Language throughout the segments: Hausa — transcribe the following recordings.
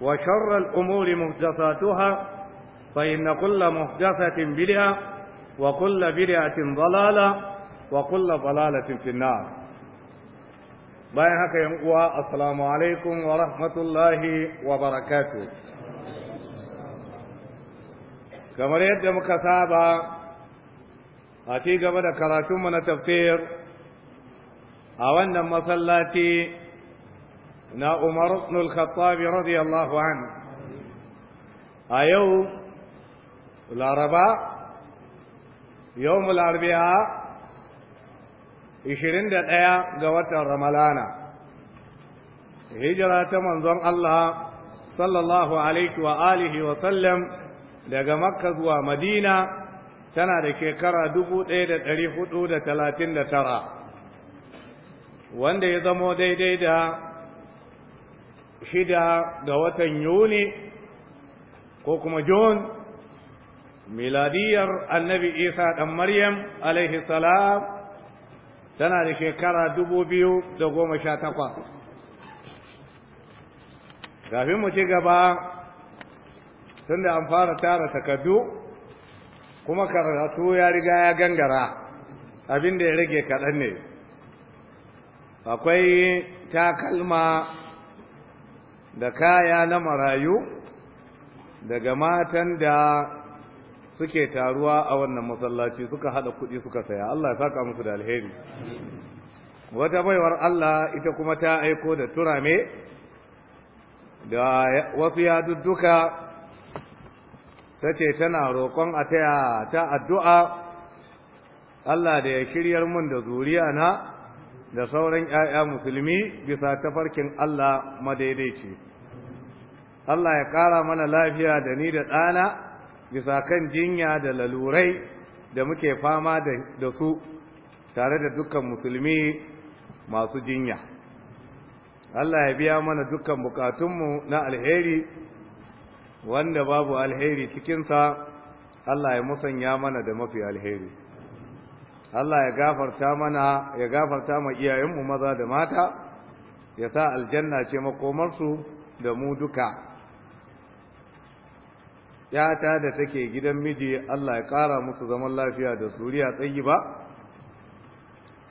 وشر الأمور محدثاتها فإن كل kulla بدعة وكل بدعة ضلالة وكل ضلالة في النار bayan haka yan uwa alaikum wa rahmatullahi wa barakatu kamar yadda muka saba a ci gaba da karatunmu na tafsir a wannan masallaci na umar ibn al-khattab radiyallahu an a yau laraba yawmul arba'a 21 ga watan ramalana hijira ta manzon Allah sallallahu alaihi wa alihi wa sallam daga makka zuwa madina tana da shekara 1439 wanda ya zamo daidai da shida ga watan yuni ko kuma Jun, miladiyar annabi isa ɗan maryam alaihi salam tana da shekara dubu biyu da goma sha takwas kafin mu ci gaba tunda an fara tara takardu kuma karatu ya riga ya gangara abin da ya rage kaɗan ne akwai takalma da kaya na marayu daga matan da suke taruwa a wannan masallaci suka hada kuɗi suka saya Allah ya saka musu da alheri wata baiwar Allah ita kuma ta aiko da turame da wasu yadudduka ta ce tana roƙon a taya ta addu'a Allah da ya shiryar mun da zuriya na da sauran ‘ya'ya musulmi bisa tafarkin Allah madaidaici. Allah ya ƙara mana lafiya da ni da ɗana bisa kan jinya da lalurai da muke fama da su tare da dukkan musulmi masu jinya Allah ya biya mana dukkan bukatunmu na alheri wanda babu alheri cikinsa Allah ya musanya mana da mafi alheri Allah ya gafarta mana ya gafarta ma iyayenmu maza da mata ya sa aljanna ce makomarsu da mu duka yata da take gidan miji Allah ya ƙara musu zaman lafiya da zuriya tsayi ba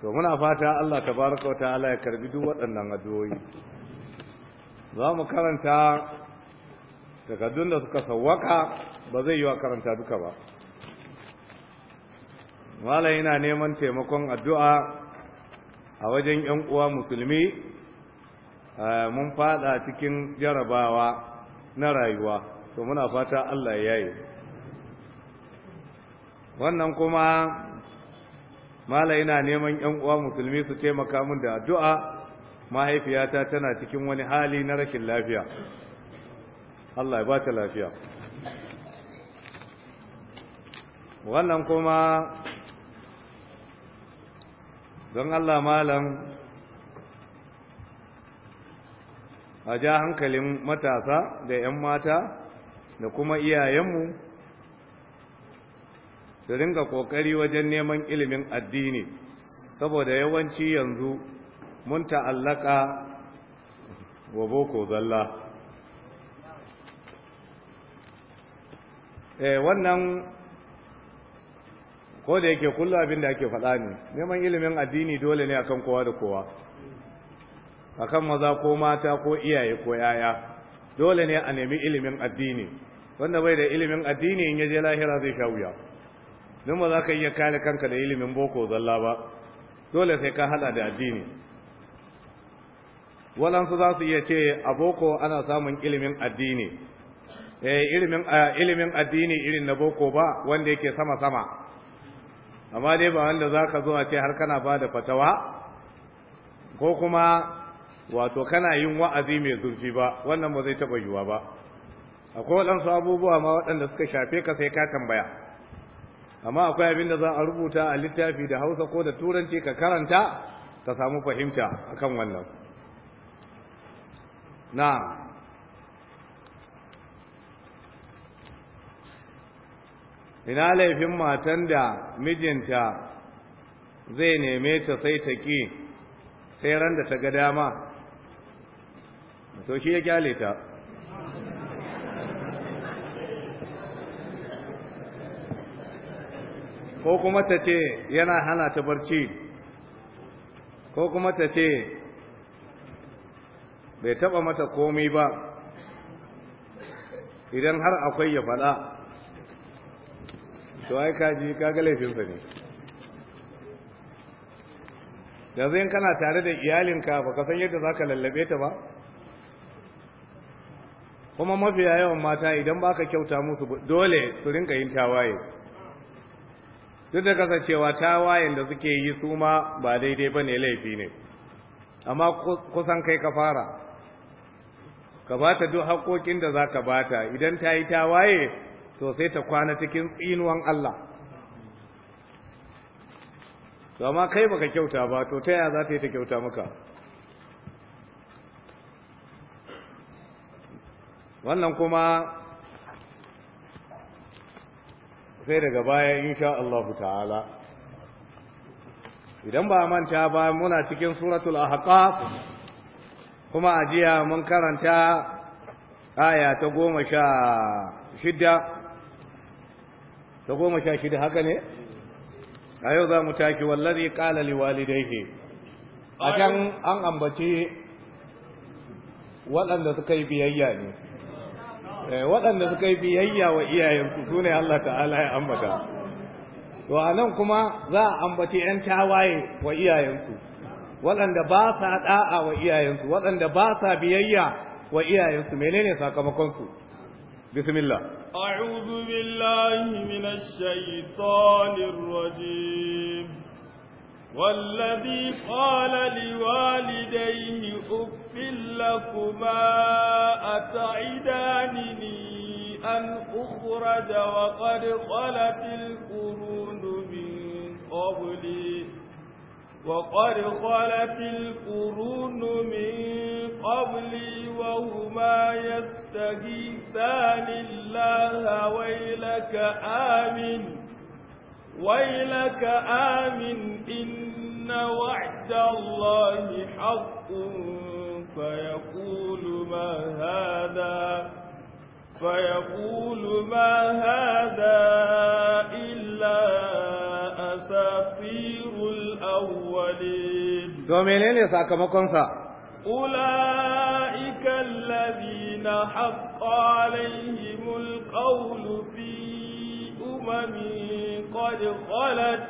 to muna fata Allah ta tabaraka wa ta'ala ya karbi duk waɗannan addu'o'i za mu karanta takardun da suka sawwaka ba zai yi wa karanta duka ba mala yana neman taimakon addu'a a wajen ‘yan uwa musulmi eh, mun fada cikin jarabawa na rayuwa to muna fata Allah ya yi wannan kuma mala neman yan uwa musulmi su taimaka mun da addu'a mahaifiyata tana cikin wani hali na rashin lafiya Allah ya ba ta lafiya wannan kuma don Allah malam a ja hankalin matasa da 'yan mata da kuma iyayenmu su ringa kokari wajen neman ilimin addini saboda yawanci yanzu mun ta'allaka wa boko zalla eh, wannan ko da yake kullu abin da ake faɗa ne neman ilimin addini dole ne akan kowa da kowa akan maza ko mata ko iyaye ko yaya dole ne a nemi ilimin addini wanda bai da ilimin addini in yaje lahira zai sha wuya don ba za ka iya kare kanka da ilimin boko zalla ba dole sai ka hada da addini walansu za su iya ce a boko ana samun ilimin addini eh, ilimin addini irin na boko ba wanda yake sama-sama amma dai ba wanda za ka zo a ce har kana ba da fatawa ko kuma wato kana yin wa'azi mai zurfi ba wannan ba zai taba yiwuwa ba akwai waɗansu abubuwa ma waɗanda suka shafe ka sai ka tambaya amma akwai abin da za a rubuta a littafi da hausa ko da turanci ka karanta ka samu fahimta akan wannan na ina laifin matan da mijinta zai neme ta sai ta ƙi sai ran da ta ga dama to shi ya kyale ta ko kuma ta ce yana hana ta barci ko kuma ta ce bai taba mata komi ba idan har akwai ya faɗa to ai kaji kaga laifinsa ne yanzu in kana tare da iyalinka ba ka san yadda za ka lallabe ta ba kuma mafiya yawan mata idan baka kyauta musu dole su rinka yin tawaye duk da kasancewa tawayen da suke yi su ma ba daidai ba ne laifi ne amma kusan kai ka fara ka ba ta duk haƙoƙin da za ka ba ta idan ta yi tawaye to sai ta kwana cikin tsinuwan Allah to amma kai baka kyauta ba to ta yaya za ta yi ta kyauta maka wannan kuma sai daga baya insha Allah ta'ala idan ba manta ba muna cikin suratul ahqaf kuma ajiya mun karanta aya ta goma sha shida ta goma haka ne a yau za mu taki wallazi qala liwalidayhi a can an ambaci waɗanda suka yi biyayya ne Eh, waɗanda suka yi biyayya wa iyayensu su ne Allah ta'ala ya ambata to a nan kuma za a ambaci 'yan tawaye wa iyayensu waɗanda ba sa ɗa'a wa iyayensu waɗanda ba sa biyayya wa iyayensu menene sakamakonsu bismillah أعوذ بالله من الشيطان الرجيم والذي قال لوالديه أف أُفٍّ لَكُمَا أَتَعِدَانِنِي أَنْ أُخْرَجَ وَقَدْ خَلَتِ الْقُرُونُ مِنْ قَبْلِي وَقَدْ خَلَتِ الْقُرُونُ مِنْ قَبْلِي وَهُمَا يَسْتَغِيثَانِ اللَّهَ وَيْلَكَ آمِنْ وَيْلَكَ آمِنْ إِنَّ وَعْدَ اللَّهِ حَقٌّ فيقول ما هذا فيقول ما هذا إلا أساطير الأولين دومينين ساكمكونسا أولئك الذين حق عليهم القول في أمم قد خلت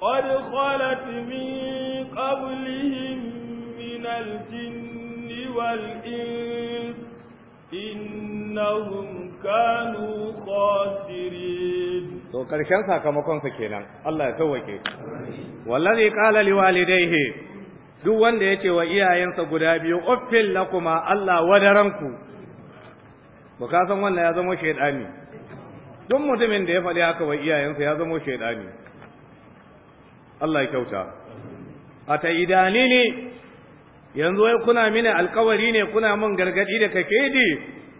قد خلت من قبلهم الجن والإنس إنهم كانوا خاسرين to karshen sakamakonsa kenan Allah ya sauwake wallazi qala liwalidayhi duk wanda yace wa iyayensa guda biyu uffil lakuma Allah wa wadaranku ba ka san wannan ya zama shaydani duk mutumin da ya faɗi haka wa iyayensa ya zama shaydani Allah ya kyauta ata idanini yanzu wai kuna mini alkawari ne kuna mun gargadi da kakedi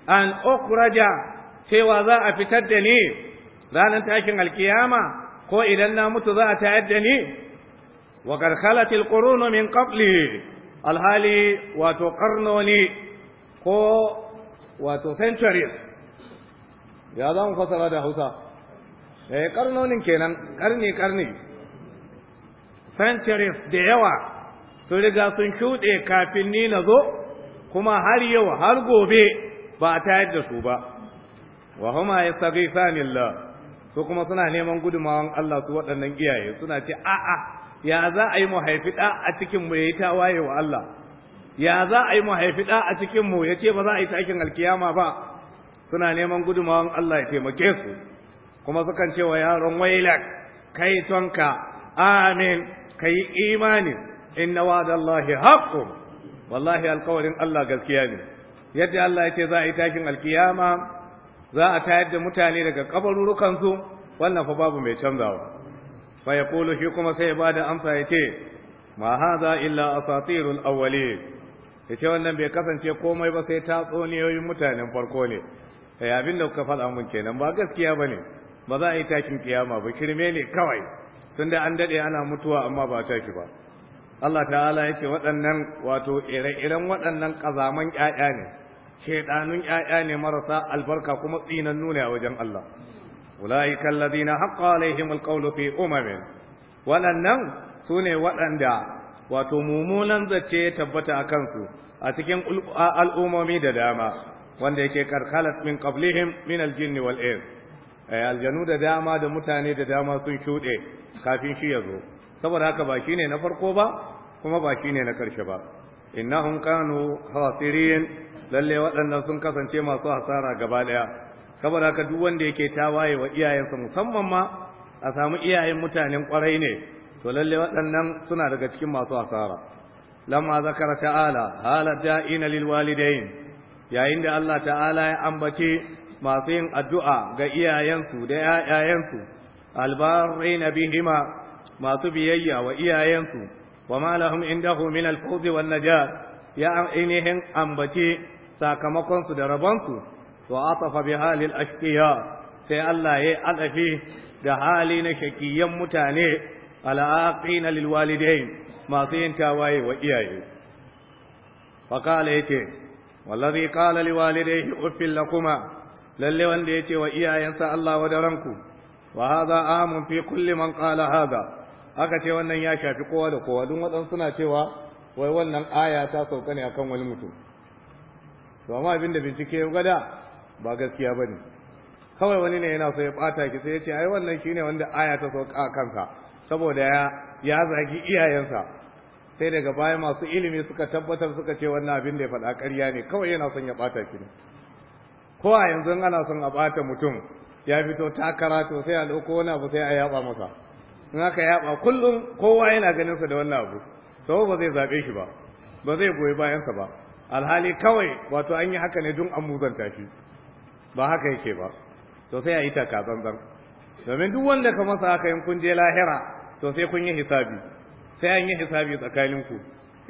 an okraja cewa za a fitar da ni ranar takin alkiyama ko idan na mutu za a tayar da ni wa qad khalat min qabli alhali wato qarnoni ko wato centuries ya za mu fasara da Hausa eh karnonin kenan karni karni centuries da yawa Su riga sun shuɗe kafin ni na zo kuma har yau har gobe ba a tayar da su ba wa huma yastaghifanillah su kuma suna neman gudumawan Allah su waɗannan iyaye suna ce a'a ya za a yi mu haifi a cikin mu yayi tawaye wa Allah ya za a yi mu haifi a cikin mu yace ba za a yi takin alkiyama ba suna neman gudumawan Allah ya taimake su kuma sukan ce wa yaron wailak kai tonka amin kai imani inna wa'dallahi haqqun wallahi alƙawarin Allah gaskiya ne yadda Allah ya ce za a yi takin alkiyama za a tayar da mutane daga kabarurukan su wannan fa babu mai canzawa fa yaqulu shi kuma sai ya bada amsa ya ce ma za illa asatirul Ya ce wannan bai kasance komai ba sai tatsuniyoyin mutanen farko ne eh abin da kuka faɗa mun kenan ba gaskiya ne. ba za a yi takin kiyama ba kirme ne kawai tunda an daɗe ana mutuwa amma ba tashi ba Allah ta'ala ya ce waɗannan wato ire-iren waɗannan ƙazaman ƴaƴa ne, shaiɗanun ‘ya'ya ne marasa albarka kuma tsinan nuna a wajen Allah. Wula'i kallazi na haƙƙa alaihim alƙaulu fi Waɗannan su ne waɗanda wato mummunan zace ya tabbata a kansu a cikin al'ummomi da dama wanda yake karkalat min qablihim min aljinni wal eh, aljanu da dama da mutane da dama sun shuɗe kafin shi ya zo. saboda haka ba shi ne na farko ba kuma ba shi ne na ƙarshe ba kano kanu khasirin lalle waɗannan sun kasance masu hasara gaba ɗaya saboda haka duk wanda yake tawaye wa iyayensa musamman ma a samu iyayen mutanen ƙwarai ne to lalle waɗannan suna daga cikin masu hasara lamma zakara ta'ala hala da'ina lil walidain yayin da Allah ta'ala ya ambace masu yin addu'a ga iyayensu da ‘ya'yayensu, albarina na bihima masu biyayya wa iyayensu wa malamin lahum indahu min al-fawz wan najat ya ainihin ambace sakamakon su da rabonsu, su wa atafa bi halil ashqiya sai Allah ya adafi da hali na shakiyan mutane al'aqina lil walidain masu yin tawaye wa iyaye fa yace wallazi qala li walidayhi uffil lakuma lalle wanda yace wa iyayensa Allah wa daranku wa hadha amun fi kulli man qala hadha aka ce wannan ya shafi kowa da kowa duk waɗansu suna cewa wai wannan aya ta sauka ne akan wani mutum to amma abin da bincike ya gada ba gaskiya ba ne. kawai wani ne yana so ya bata ki sai ya ce ai wannan shine wanda aya ta sauka a kansa saboda ya ya zagi iyayensa sai daga baya masu ilimi suka tabbatar suka ce wannan abin da ya faɗa ƙarya ne kawai yana son ya bata ki ne ko a yanzu ana son a bata mutum ya fito takara to sai a ɗauko wani abu sai a yaba masa in aka yaba kullum kowa yana ganinsa da wannan abu to ba zai zabe shi ba ba zai goyi bayansa sa ba alhali kawai wato an yi haka ne don an muzanta shi ba haka yake ba to sai a yi taka zanzan domin duk wanda ka masa haka in kunje lahira to sai kun yi hisabi sai an yi hisabi tsakaninku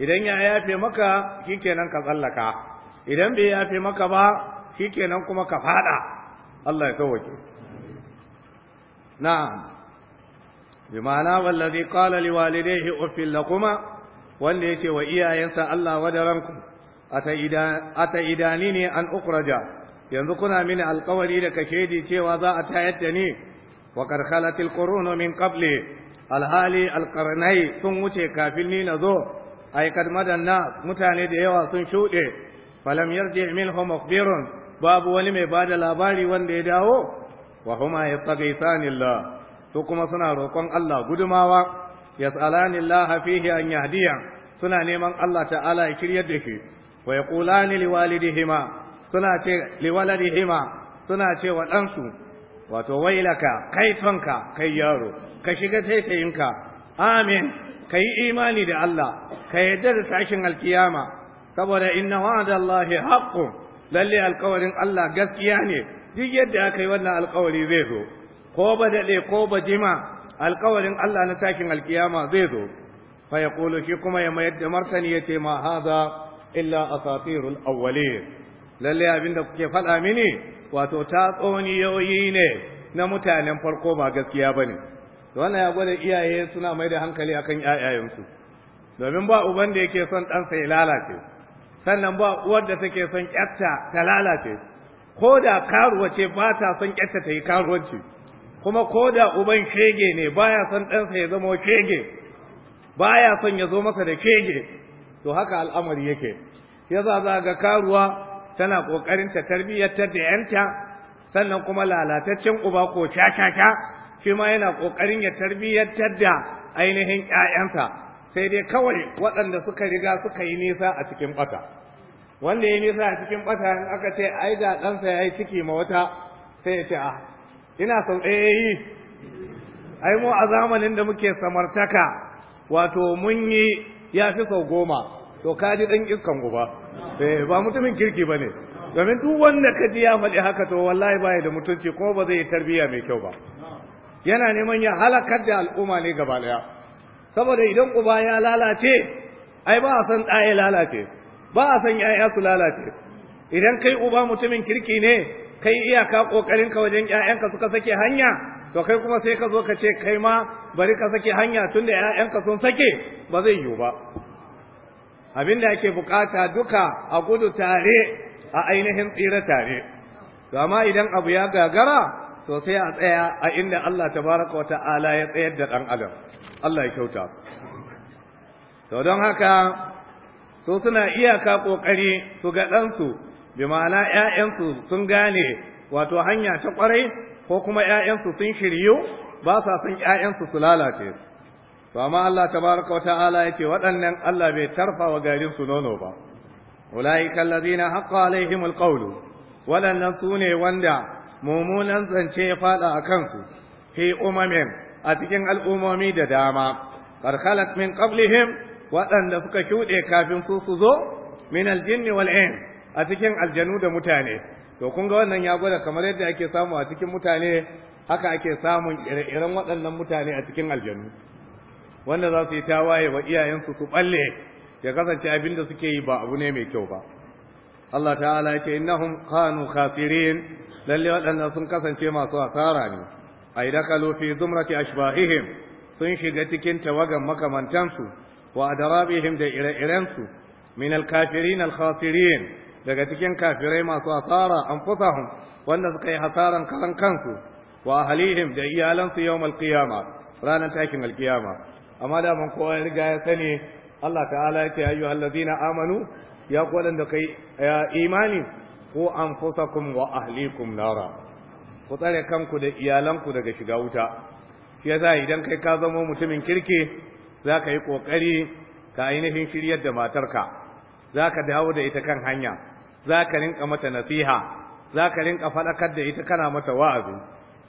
idan ya yafe maka shikenan ka tsallaka idan bai yafe maka ba shikenan kuma ka fada Allah ya sauwake na'am bi ma'ana wallazi walidai, liwalidayhi uffil lakuma wanda yake wa iyayensa Allah wadaranku ata ida ata idani ne an ukhraja yanzu kuna mini alƙawari da kashedi cewa za a tayar da ni wa qad khalat alqurun min qabli alhali alqarnai sun wuce kafin nina zo. ay madanna mutane da yawa sun shude falam yarji minhum mukhbirun babu wani mai ba da labari wanda ya dawo wa huma yastaghithanillah su kuma suna roƙon Allah gudumawa tsalani Allah fihi an yahdiya suna neman Allah ta'ala ya kiryar da shi wa yaqulani liwalidihima suna ce suna ce wa ɗansu wato wailaka kai tonka kai yaro ka shiga taitayinka amin ka yi imani da Allah ka yarda da sashin alkiyama saboda inna wa'ada Allah haqqun lalle alkawarin Allah gaskiya ne duk yadda aka yi wannan alkawari zai zo ko ba daɗe ko ba jima alkawarin Allah na takin alkiyama zai zo fa ya shi kuma ya mayar da martani ya ce ma haza illa asatirul awwalin lalle abin da kuke faɗa mini wato tatsuniyoyi ne na mutanen farko ba gaskiya bane wannan ya gwada iyaye suna mai da hankali akan ƴaƴayensu domin ba uban da yake son ɗansa ya lalace sannan ba uwar da take son 'yarta ta lalace ko da karuwa ce ba ta son 'yarta ta yi karuwanci kuma ko da uban shege ne baya son ɗansa ya zama shege baya son ya zo masa da shege to haka al'amari yake yasa za ga karuwa tana kokarin ta tarbiyyar ta da yanta sannan kuma lalataccen uba ko cakaka shi ma yana kokarin ya tarbiyyar da ainihin ƴaƴansa sai dai kawai waɗanda suka riga suka yi nisa a cikin bata wanda ya yi nisa a cikin bata in aka ce ai da ɗansa ya yi ciki ma wata sai ya ce a ah, ina son eh ai mu a zamanin da muke samartaka wato mun yi ya fi sau goma to ka ji ɗan iskan guba eh, ba mutumin kirki ba domin duk wanda ka ji ya faɗi haka to wallahi baya da mutunci ko ba zai yi tarbiyya mai kyau ba yana neman ya halakar da al'umma ne gaba ɗaya saboda idan uba ya lalace ai ba a san ɗaya lalace ba a san 'ya'ya su lalace idan kai uba mutumin kirki ne kai iyaka kokarin ka wajen ƴaƴanka suka sake hanya to kai kuma sai ka zo ka ce kai ma bari ka sake hanya tunda ƴaƴanka sun sake ba zai yiwu ba abin da ake bukata duka a gudu tare a ainihin tsira tare to amma idan abu ya gagara to sai a tsaya a inda Allah tabaraka wa ta'ala ya tsayar da dan adam Allah ya kyauta to don haka so suna iyaka kokari su ga ɗansu bi ma'ana ƴaƴansu sun gane wato hanya ta kwarai ko kuma ƴaƴansu sun shiryu ba sa son ƴaƴansu su lalace to amma Allah tabaraka wa ya yake waɗannan Allah bai tarfa wa garin su nono ba ulaika allazina haqqa alaihimul qawlu waɗannan su ne wanda mummunan zance ya fada a kansu fi umamin a cikin al'ummomi da dama karkalat min qablihim waɗanda suka shuɗe kafin su su zo min aljinni wal a cikin aljanu da mutane to kun ga wannan ya gwada kamar yadda ake samu a cikin mutane haka ake samun ire-iren waɗannan mutane a cikin aljanu wanda za su yi tawaye wa iyayensu su ɓalle ya kasance abin da suke yi ba abu ne mai kyau ba Allah ta'ala yake ce innahum kanu khasirin lalle waɗannan sun kasance masu asara ne ay dakalu fi zumrati ashbahihim sun shiga cikin tawagan makamantansu wa adarabihim da ire-irensu min al-kafirin daga cikin kafirai masu asara an anfusahum wanda suka yi hasaran karan kansu wa ahlihim da iyalansu yau qiyama ranar takin alkiyama amma da man kowa ya riga ya sani Allah ta'ala ya ce ayyuhal na amanu ya ku da kai imani Ko anfusakum wa ahlikum nara ku tsare kanku da iyalanku daga shiga wuta shi yasa idan kai ka zama mutumin kirki za ka yi ƙoƙari ka ainihin shiryar da matarka za ka dawo da ita kan hanya za ka rinka mata nasiha za ka rinka faɗakar da ita kana mata wa'azi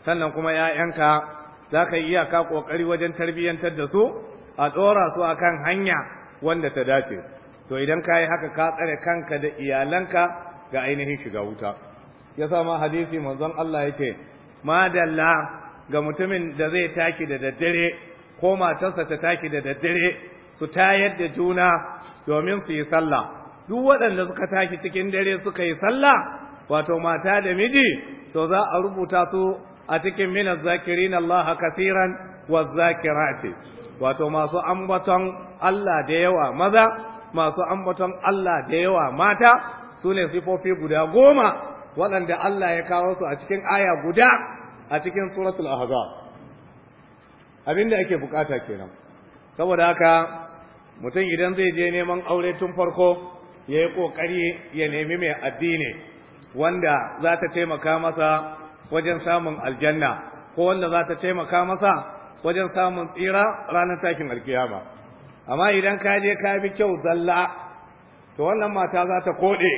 sannan kuma ‘ya'yanka za ka yi iyaka ƙoƙari wajen tarbiyyantar da su a ɗora su a kan hanya wanda ta dace to idan ka yi haka ka tsare kanka da iyalanka ga ainihin shiga wuta ya ma hadisi manzon Allah ya ce madalla ga mutumin da zai taki da daddare ko matarsa ta taki da daddare su tayar da juna domin su yi sallah duk waɗanda suka tashi cikin dare suka yi sallah wato mata da miji to za a rubuta su a cikin min zakirin Allah kasiran wa zakirati wato masu ambaton Allah da yawa maza masu ambaton Allah da yawa mata su ne sifofi guda goma waɗanda Allah ya kawo su a cikin aya guda a cikin suratul ahzab abin da ake bukata kenan saboda haka mutum idan zai je neman aure tun farko ya yi ƙoƙari ya nemi mai addini wanda za ta taimaka masa wajen samun aljanna ko wanda za ta taimaka masa wajen samun tsira ranar takin alkiyama amma idan ka je ka bi kyau zalla to wannan mata za ta koɗe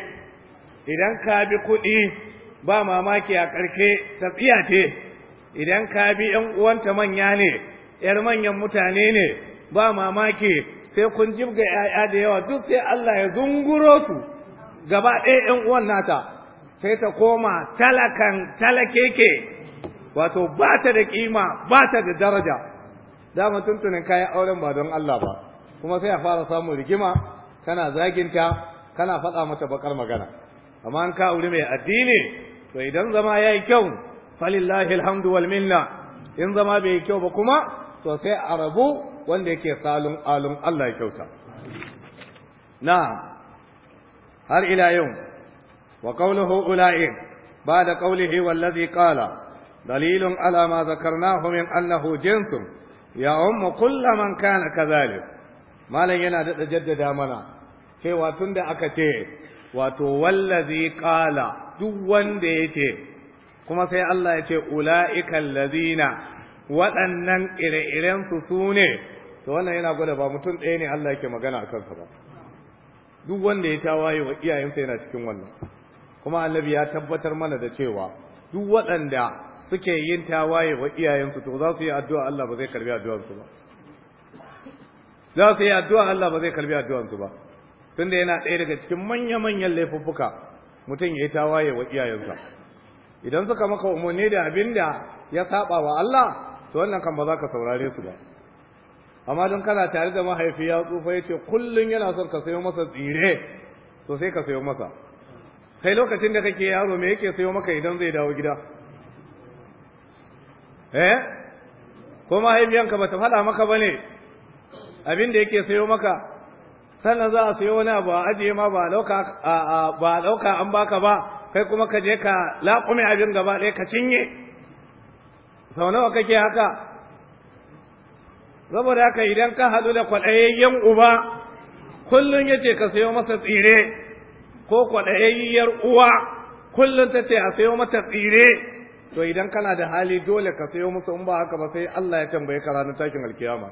idan ka bi kuɗi ba mamaki a ƙarfe ta tsiyace idan ka bi ‘yan uwanta manya ne ‘yar manyan mutane ne ba mamaki sai kun jibga ‘ya'ya da yawa duk sai Allah ya zunguro su gaba ɗaya ‘yan uwan nata sai ta koma talakan talakeke wato ba ta da kima ba ta da daraja dama tuntunin kayan auren ba don Allah ba kuma sai a fara samun rigima kana zaginta kana faɗa mata bakar magana amma an ka wuri mai addini to idan zama ya yi kyau falillahi alhamdu wal minna in zama bai yi kyau ba kuma to sai a rabu wanda yake salun alun Allah ya kyauta na'am har ila yau wa qawluhu ula'i da qawlihi wallazi qala dalilin alama ma zakarnahu min annahu jinsun ya ummu kullu man kana kazari. Malam yana da jaddada mana cewa tunda aka ce wato wallazi qala duk wanda yace kuma sai Allah ya ce ula'ikan lazina waɗannan ire-irensu su ne to wannan yana gwada ba mutum ɗaya ne Allah yake magana a kansa ba duk wanda ya ta waye wa iyayensa yana cikin wannan kuma annabi ya tabbatar mana da cewa duk waɗanda suke yin waye wa iyayensu to za su yi addu'a Allah ba zai karbi addu'arsu ba za su yi addu'a Allah ba zai karbi addu'arsu ba tunda yana ɗaya daga cikin manya-manyan laifuffuka mutum ya yi waye wa iyayensa idan suka maka umarni da abin da ya saba wa Allah to wannan kan ba za ka saurare su ba amma don kana tare da mahaifi ya tsufa yace kullun yana son ka sayo masa tsire to sai ka sayo masa kai lokacin da kake yaro me yake sayo maka idan zai dawo gida eh ko mahaifiyanka bata faɗa maka bane abin da yake sayo maka sannan za a sayo wani abu a ajiye ma ba a ɗauka an baka ba kai kuma ka je ka laƙume abin gaba ɗaya ka cinye sau nawa kake haka saboda haka idan ka haɗu da kwaɗayayyen uba kullum ya ce ka sayo masa tsire ko kwaɗayayyiyar uwa kullum ta ce a sayo mata tsire to idan kana da hali dole ka sayo musu in ba haka ba sai Allah ya tambaye ka ranar takin alkiyama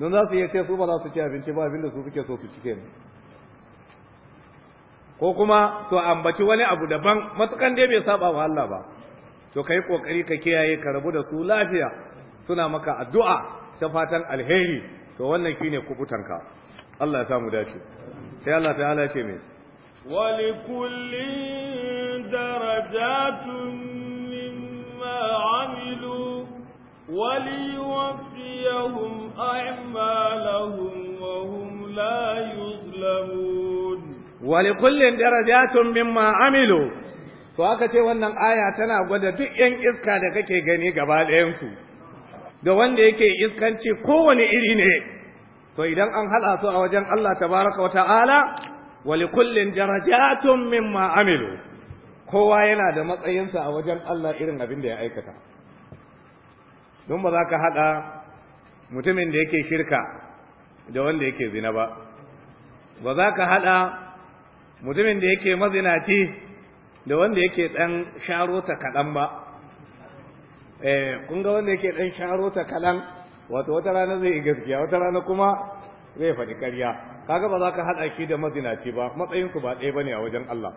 don za su iya ce su ba za su ci abinci ba abinda su suke so su cike ne ko kuma to ambaci wani abu daban matukan dai bai saba wa Allah ba to kai kokari ka kiyaye ka rabu da su lafiya suna maka addu'a ta fatan alheri to wannan shine kubutanka Allah ya samu dace sai Allah ta'ala ya ce me ولكل درجات مما عملوا وليوفيهم أعمالهم وهم لا يظلمون ولكل درجات مما عملوا to aka ce wannan aya tana gwada duk 'yan iska da kake gani gaba ɗayansu da wanda yake iskanci kowane iri ne to idan an haɗa su a wajen Allah tabaraka wa ta'ala wa likullin darajatun mimma amilu kowa yana da matsayinsa a wajen Allah irin abin da ya aikata don ba za ka haɗa mutumin da yake shirka da wanda yake zina ba ba za ka haɗa mutumin da yake mazinaci da wanda yake ɗan sharo ta kaɗan ba eh kun ga wanda yake dan sharo ta kalan wato wata rana zai yi gaskiya wata rana kuma zai faɗi ƙarya kaga ba za ka haɗa ki da mazinaci ba matsayin ku ba ɗaya bane a wajen Allah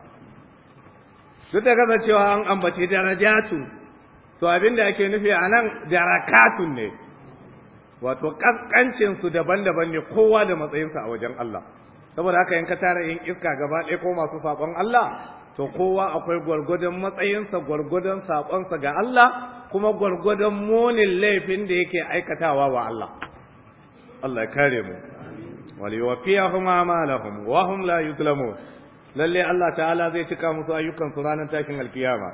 duk da kaza cewa an ambace darajatu to abin da ake nufi a nan darakatun ne wato kaskancin su daban-daban ne kowa da matsayinsa a wajen Allah saboda haka yanka ka tara yin iska gaba ɗaya ko masu saƙon Allah to kowa akwai gwargwadon matsayinsa gwargwadon saƙonsa ga Allah kuma gwargwadon munin laifin da yake aikatawa wa Allah Allah ya kare mu wal yuwaffiyahum amalahum wa hum la yuzlamun lalle Allah ta'ala zai cika musu ayyukan su ranar takin alkiyama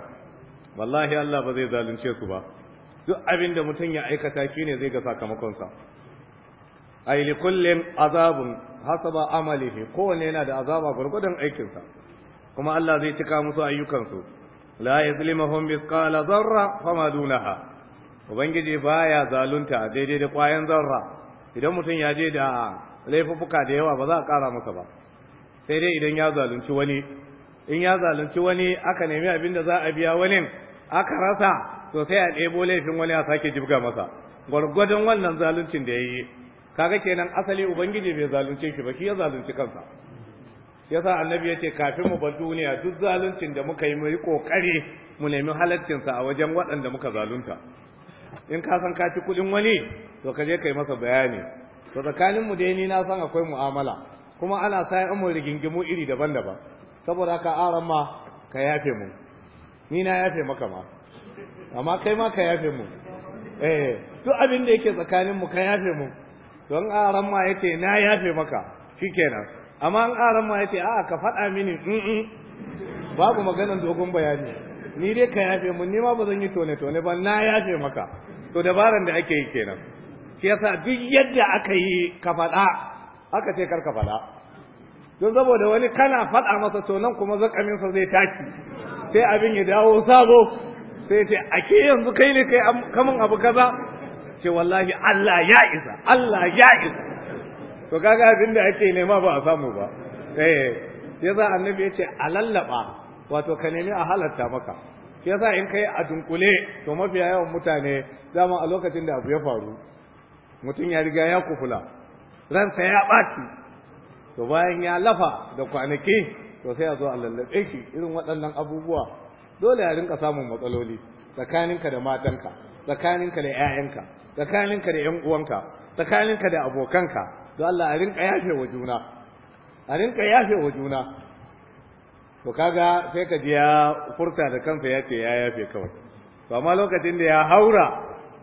wallahi Allah ba zai zalunce su ba duk abin da mutum ya aikata ne zai ga sakamakonsa. sa ay li azabun hasaba amalihi Kowane yana da azaba gurgudan aikin sa kuma Allah zai cika musu ayyukansu. la yuzlimuhum mithqala dharra fama dunaha ubangiji baya zalunta daidai da kwayan zarra idan mutum ya je da laifuffuka da yawa ba za a kara masa ba sai dai idan ya zalunci wani in ya zalunci wani aka nemi abin da za a biya wani aka rasa to sai a ɗebo laifin wani a sake jibga masa gwargwadon wannan zaluncin da ya yi kaga kenan asali ubangiji bai zalunce shi ba shi ya zalunci kansa yasa annabi yace kafin mu bar duniya duk zaluncin da muka yi mu yi kokari mu nemi halaccin sa a wajen waɗanda muka zalunta in ka san ka ci kuɗin wani to ka je kai masa bayani to tsakanin mu dai ni na san akwai mu'amala kuma ana sa mu rigingimu iri daban-daban saboda ka aran ma ka yafe mu ni na yafe maka ma amma kai ma ka yafe mu eh duk abin da yake tsakanin mu ka yafe mu don aran ma yace na yafe maka shikenan amma an aran ma yace a'a ka faɗa mini babu maganan dogon bayani ni dai ka yafe mun ni ma ba zan yi tone tone ba na yafe maka to dabaran da ake yi kenan shi yasa duk yadda aka yi ka faɗa aka ce kar ka faɗa don saboda wani kana faɗa masa to nan kuma zakaminsa zai taki sai abin ya dawo sabo sai ce ake yanzu kai ne kai kamun abu kaza ce wallahi Allah ya isa Allah ya isa to kaga abin da ake nema ba a samu ba eh za annabi yace a lallaba wato ka nemi a halarta maka shi yasa in kai a dunkule to mafiya yawan mutane zama a lokacin da abu ya faru mutum ya riga ya kufula ransa ya ɓaci to bayan ya lafa da kwanaki to sai a zo a shi irin waɗannan abubuwa dole ya rinka samun matsaloli tsakaninka da matanka tsakaninka da 'ya'yanka tsakaninka da 'yan uwanka tsakaninka da abokanka don Allah a rinka yafe wa juna a rinka yafe wa juna to kaga sai ka ji ya furta da kansa ya ce ya yafe kawai to amma lokacin da ya haura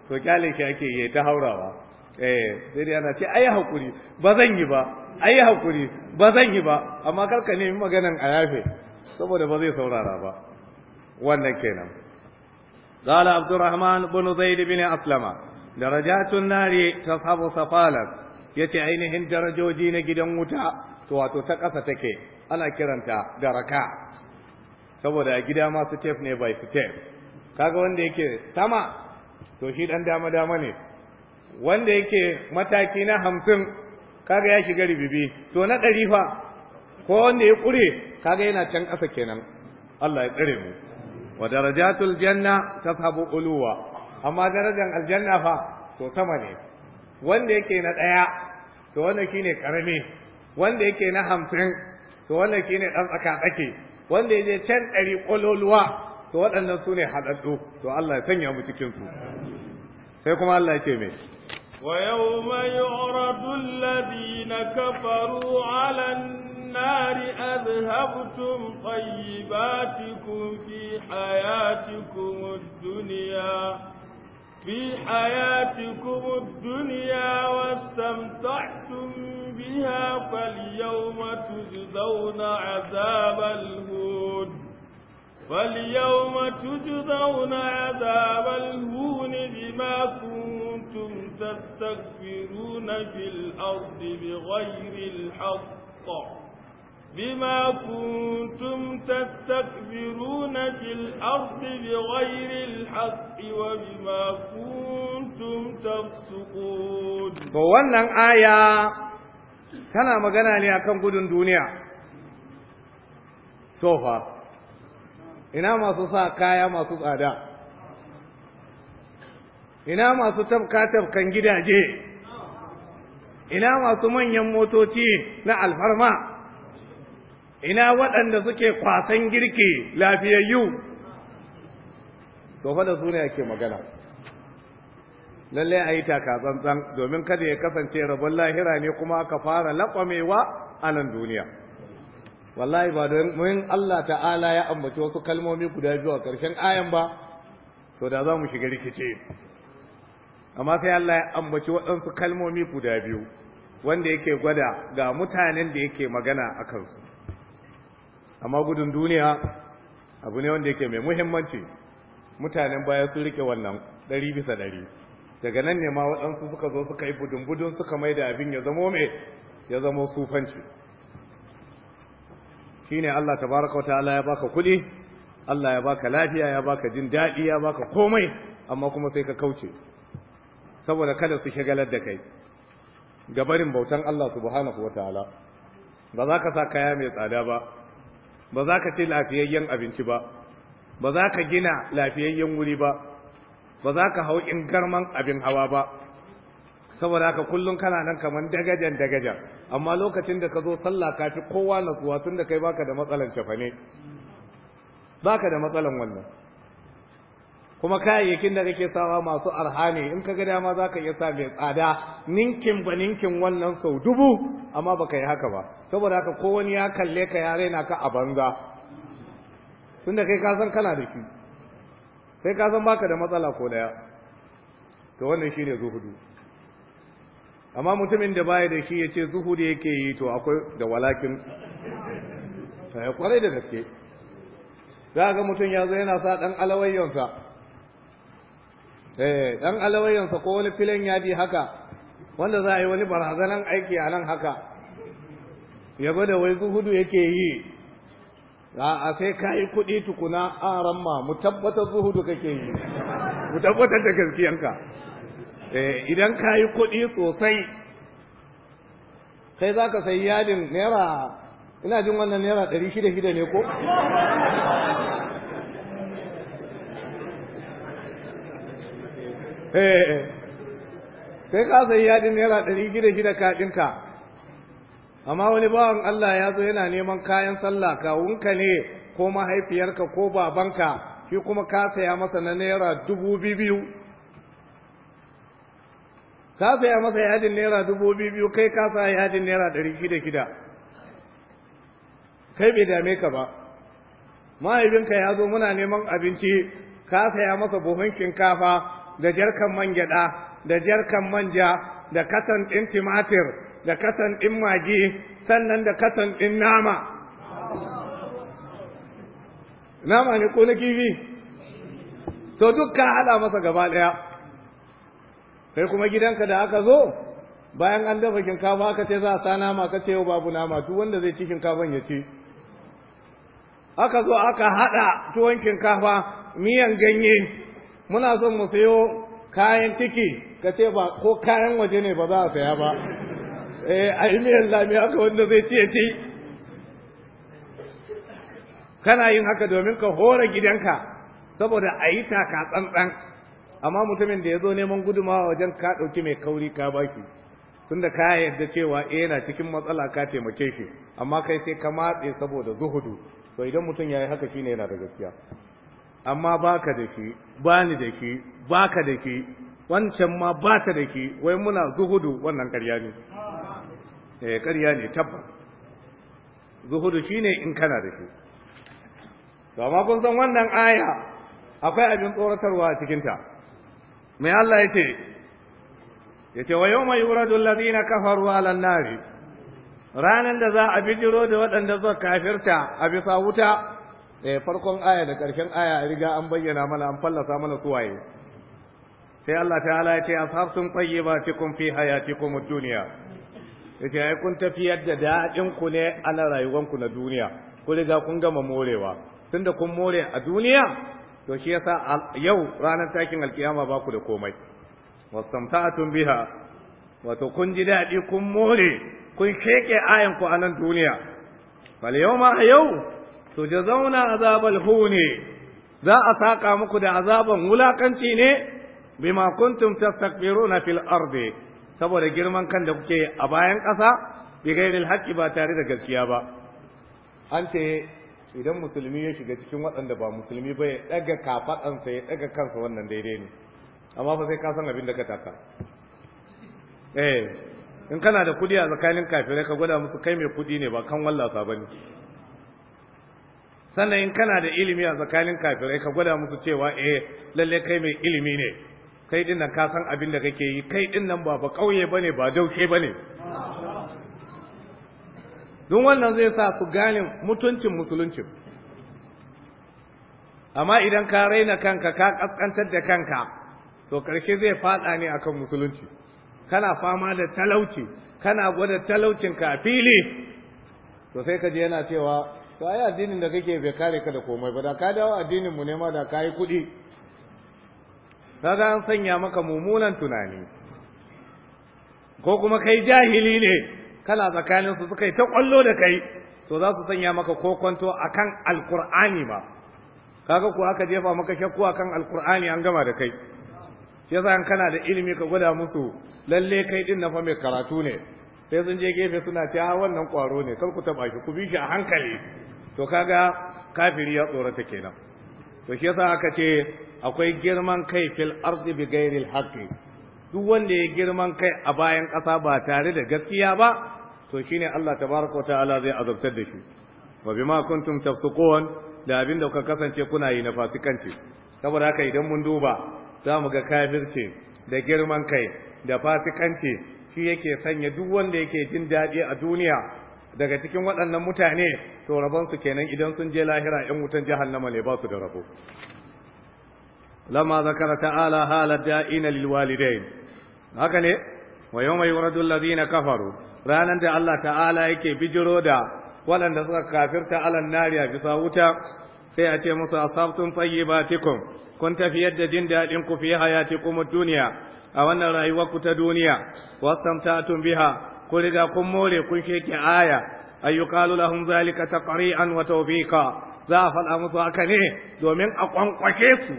to kyalin shi ake yi ta haurawa eh sai dai ana ce ai hakuri ba zan yi ba ai hakuri ba zan yi ba amma karka nemi maganan a yafe saboda ba zai saurara ba wannan kenan قال عبد الرحمن بن زيد بن أسلم درجات النار تصحب Ya ce ainihin darajoji na gidan wuta to wato ta ƙasa take ana kiranta da raka saboda gida masu tef ne bai fi tef kaga wanda yake sama to shi ɗan dama dama ne wanda yake mataki na hamsin kaga ya shiga ribibi to na ɗari fa ko wanda ya ƙure kaga yana can ƙasa kenan Allah ya tsare mu wa darajatul janna tashabu uluwa amma darajan aljanna fa to sama ne wanda yake na ɗaya to wannan shine karami wanda yake na hamsin to wannan shine ɗan tsaka tsake wanda yake can ɗari ƙololuwa to waɗannan su ne haɗaɗɗu to Allah ya sanya mu cikin su sai kuma Allah ya ce mai ويوم يعرض الذين كفروا على النار أذهبتم طيباتكم في حياتكم الدنيا في حياتكم الدنيا واستمتعتم بها فاليوم تجزون عذاب الهون فاليوم تجزون عذاب الهون بما كنتم تستكبرون في الأرض بغير الحق بما كنتم تستكبرون في الأرض بغير الحق وبما كنتم تفسقون wannan aya tana magana ne akan gudun duniya sofa ina masu sa kaya masu tsada ina masu tafka gidaje ina masu manyan motoci na alfarma ina waɗanda suke kwasan girki lafiyayyu sofa da su ne magana lalle a yi takatsantsan domin kada ya kasance rabon lahira ne kuma aka fara laƙwamewa a nan duniya wallahi ba don muhin Allah ta'ala ya ambaci wasu kalmomi guda biyu a ƙarshen ayan ba to da za mu shiga rikice amma sai Allah ya ambaci waɗansu kalmomi guda biyu wanda yake gwada ga mutanen da yake magana a kansu amma gudun duniya abu ne wanda yake mai muhimmanci mutanen baya sun rike wannan ɗari bisa ɗari daga nan ne ma waɗansu suka zo suka yi budun-budun suka mai da abin ya zamo mai ya zamo sufanci shi ne Allah ta baraka wata Allah ya baka kuɗi Allah ya baka lafiya ya baka jin daɗi ya baka komai amma kuma sai ka kauce saboda kada su shagalar da kai ga barin bautan Allah subhanahu wa ta'ala ba za ka sa kaya mai tsada ba ba za ka ci lafiyayyen abinci ba ba za ka gina lafiyayyen wuri ba ba za ka hau in garman abin hawa ba saboda haka kullum kana nan kamar dagajen dagajen amma lokacin da ka zo sallah ka fi kowa natsuwa tun da kai baka da matsalan cefane baka da matsalan wannan kuma kayayyakin da kake sawa masu arha ne in ka ga dama za ka iya sa mai tsada ninkin ba ninkin wannan sau dubu amma ba ka yi haka ba saboda haka ko wani ya kalle ka ya raina ka a banza tun da kai ka san kana da shi sai ka san baka da matsala ko daya to wannan shi ne zuhudu amma mutumin da baya da shi ya ce zuhudu yake yi to akwai da walakin sai kwarai da gaske za ga mutum ya zo yana sa dan alawayyonsa eh dan sa ko wani filan yadi haka wanda za a yi wani barazanan aiki a nan haka ya da wai zuhudu yake yi a sai ka yi kuɗi tukuna a ramma mu tabbatar zuhudu kake yi mu tabbatar da gaskiyanka eh, idan ka yi kuɗi sosai kai za ka sayi yadin naira ina jin wannan naira ɗari shida shida ne ko Eh, kai ka sayi yadin naira ɗari gida shida ka ɗinka amma wani bawan Allah ya zo yana neman kayan sallah kawunka ne ko mahaifiyarka ko babanka shi kuma ka saya masa na naira dubu biyu ka saya masa yadin naira dubu biyu kai ka saya yadin naira ɗari gida gida. kai bai dame ka ba mahaifinka ya zo muna neman abinci ka saya masa buhun shinkafa da jarkan man gyaɗa da jarkan manja da kasan ɗin timatir da kasan ɗin magi sannan da kasan ɗin nama nama ne ko na kifi to duk ka haɗa masa gaba ɗaya kai kuma gidanka da aka zo bayan an dafa shinkafa aka ce za a sa nama ka ce babu nama duk wanda zai ci shinkafan ya ci aka zo aka haɗa tuwon shinkafa miyan ganye muna son mu sayo kayan tiki ka ce ba ko kayan waje ne ba za a saya ba eh a yi miyan lami haka wanda zai ce ce kana yin haka domin ka hora gidanka saboda a yi taka tsantsan amma mutumin da ya zo neman gudumawa wajen ka ɗauki mai kauri ka baki tunda ka yarda cewa e yana cikin matsala ka taimake shi amma kai sai ka matse saboda zuhudu to idan mutum ya yi haka shine yana da gaskiya amma baka da bani da shi baka da ke wancan ma bata da ke wai muna zuhudu wannan ƙarya ne eh ƙarya ne tabba. zuhudu shine in kana da ke to amma kun san wannan aya akwai abin tsoratarwa a cikin ta me Allah yace yace wa yawma yuradu alladhina kafaru ala an-nari ranan da za a bijiro da waɗanda zuwa kafirta a bisa wuta eh farkon aya da ƙarshen aya a riga an bayyana mana an fallasa mana su waye. sai Allah ta'ala ya ce ashabtum tayyibatikum fi hayatikum ad-dunya yace ai kun tafiyar da dadin ku ne a rayuwar ku na duniya ku riga kun gama morewa tunda kun more a duniya to shi yasa yau ranar takin alkiyama ba ku da komai wasamta'atun biha wato kun ji dadi kun more kun keke ayanku ku a nan duniya fal yawma yau to zauna azabal hune za a saka muku da azaban wulakanci ne bima kuntum tastakbiruna fil ardi saboda girman kan da kuke a bayan ƙasa bi gairil haqqi ba tare da gaskiya ba an ce idan musulmi ya shiga cikin waɗanda ba musulmi ba ya ɗaga kafaɗansa ya ɗaga kansa wannan daidai ne amma ba sai ka san abin da ka taka eh in kana da kudi a tsakanin kafirai ka gwada musu kai mai kudi ne ba kan wallafa ba ne sannan in kana da ilimi a tsakanin kafirai ka gwada musu cewa eh lalle kai mai ilimi ne kai dinnan nan ka san abin da kake yi kai dinnan nan ba ba kauye bane ba dauke bane don wannan zai sa su gane mutuncin musuluncin amma idan ka raina kanka ka kaskantar da kanka to karshe zai fada ne akan musulunci kana fama da talauci kana gwada talaucin a fili to sai ka je yana cewa to ai addinin da kake bai kare ka da komai ba da ka dawo addinin mu ne ma da kai kuɗi kaga an sanya maka mummunan tunani ko kuma kai jahili ne kana tsakanin su suka yi ta kwallo da kai to za su sanya maka kokonto akan alqur'ani ba kaga ko aka jefa maka shakku akan alqur'ani an gama da kai sai yasa an kana da ilimi ka gwada musu lalle kai din na fa mai karatu ne sai sun je gefe suna ce ah, wannan kwaro ne kar ku taba shi ku bi shi a hankali to kaga kafiri ya tsorata kenan to shi yasa aka ce akwai girman kai fil ardi bi ghairi haqqi duk wanda ya girman kai a bayan ƙasa ba tare da gaskiya ba to shine Allah tabaraka wa ta'ala zai azabtar da shi wa bima kuntum da abin da kuka kasance kuna yi na fasikanci saboda haka idan mun duba za mu ga kafirci da girman kai da fasikanci shi yake sanya duk wanda yake jin daɗi a duniya daga cikin waɗannan mutane to rabonsu kenan idan sun je lahira in wutan jahannama ne ba su da rabo lama zakara ta'ala halar da'ina walidain haka ne wa yawma yuradu alladhina kafaru ranar da Allah ta'ala yake bijiro da waɗanda suka kafirta alan nariya bisa wuta sai a ce musu asabtum tayyibatikum kun tafiyar da jin daɗin ku fi hayatikum duniya a wannan rayuwar ku ta duniya wasamtatun biha kun riga kun more kun sheke aya ayyukalu lahum zalika taqri'an wa tawfiqa za a faɗa musu haka ne domin a kwankwace su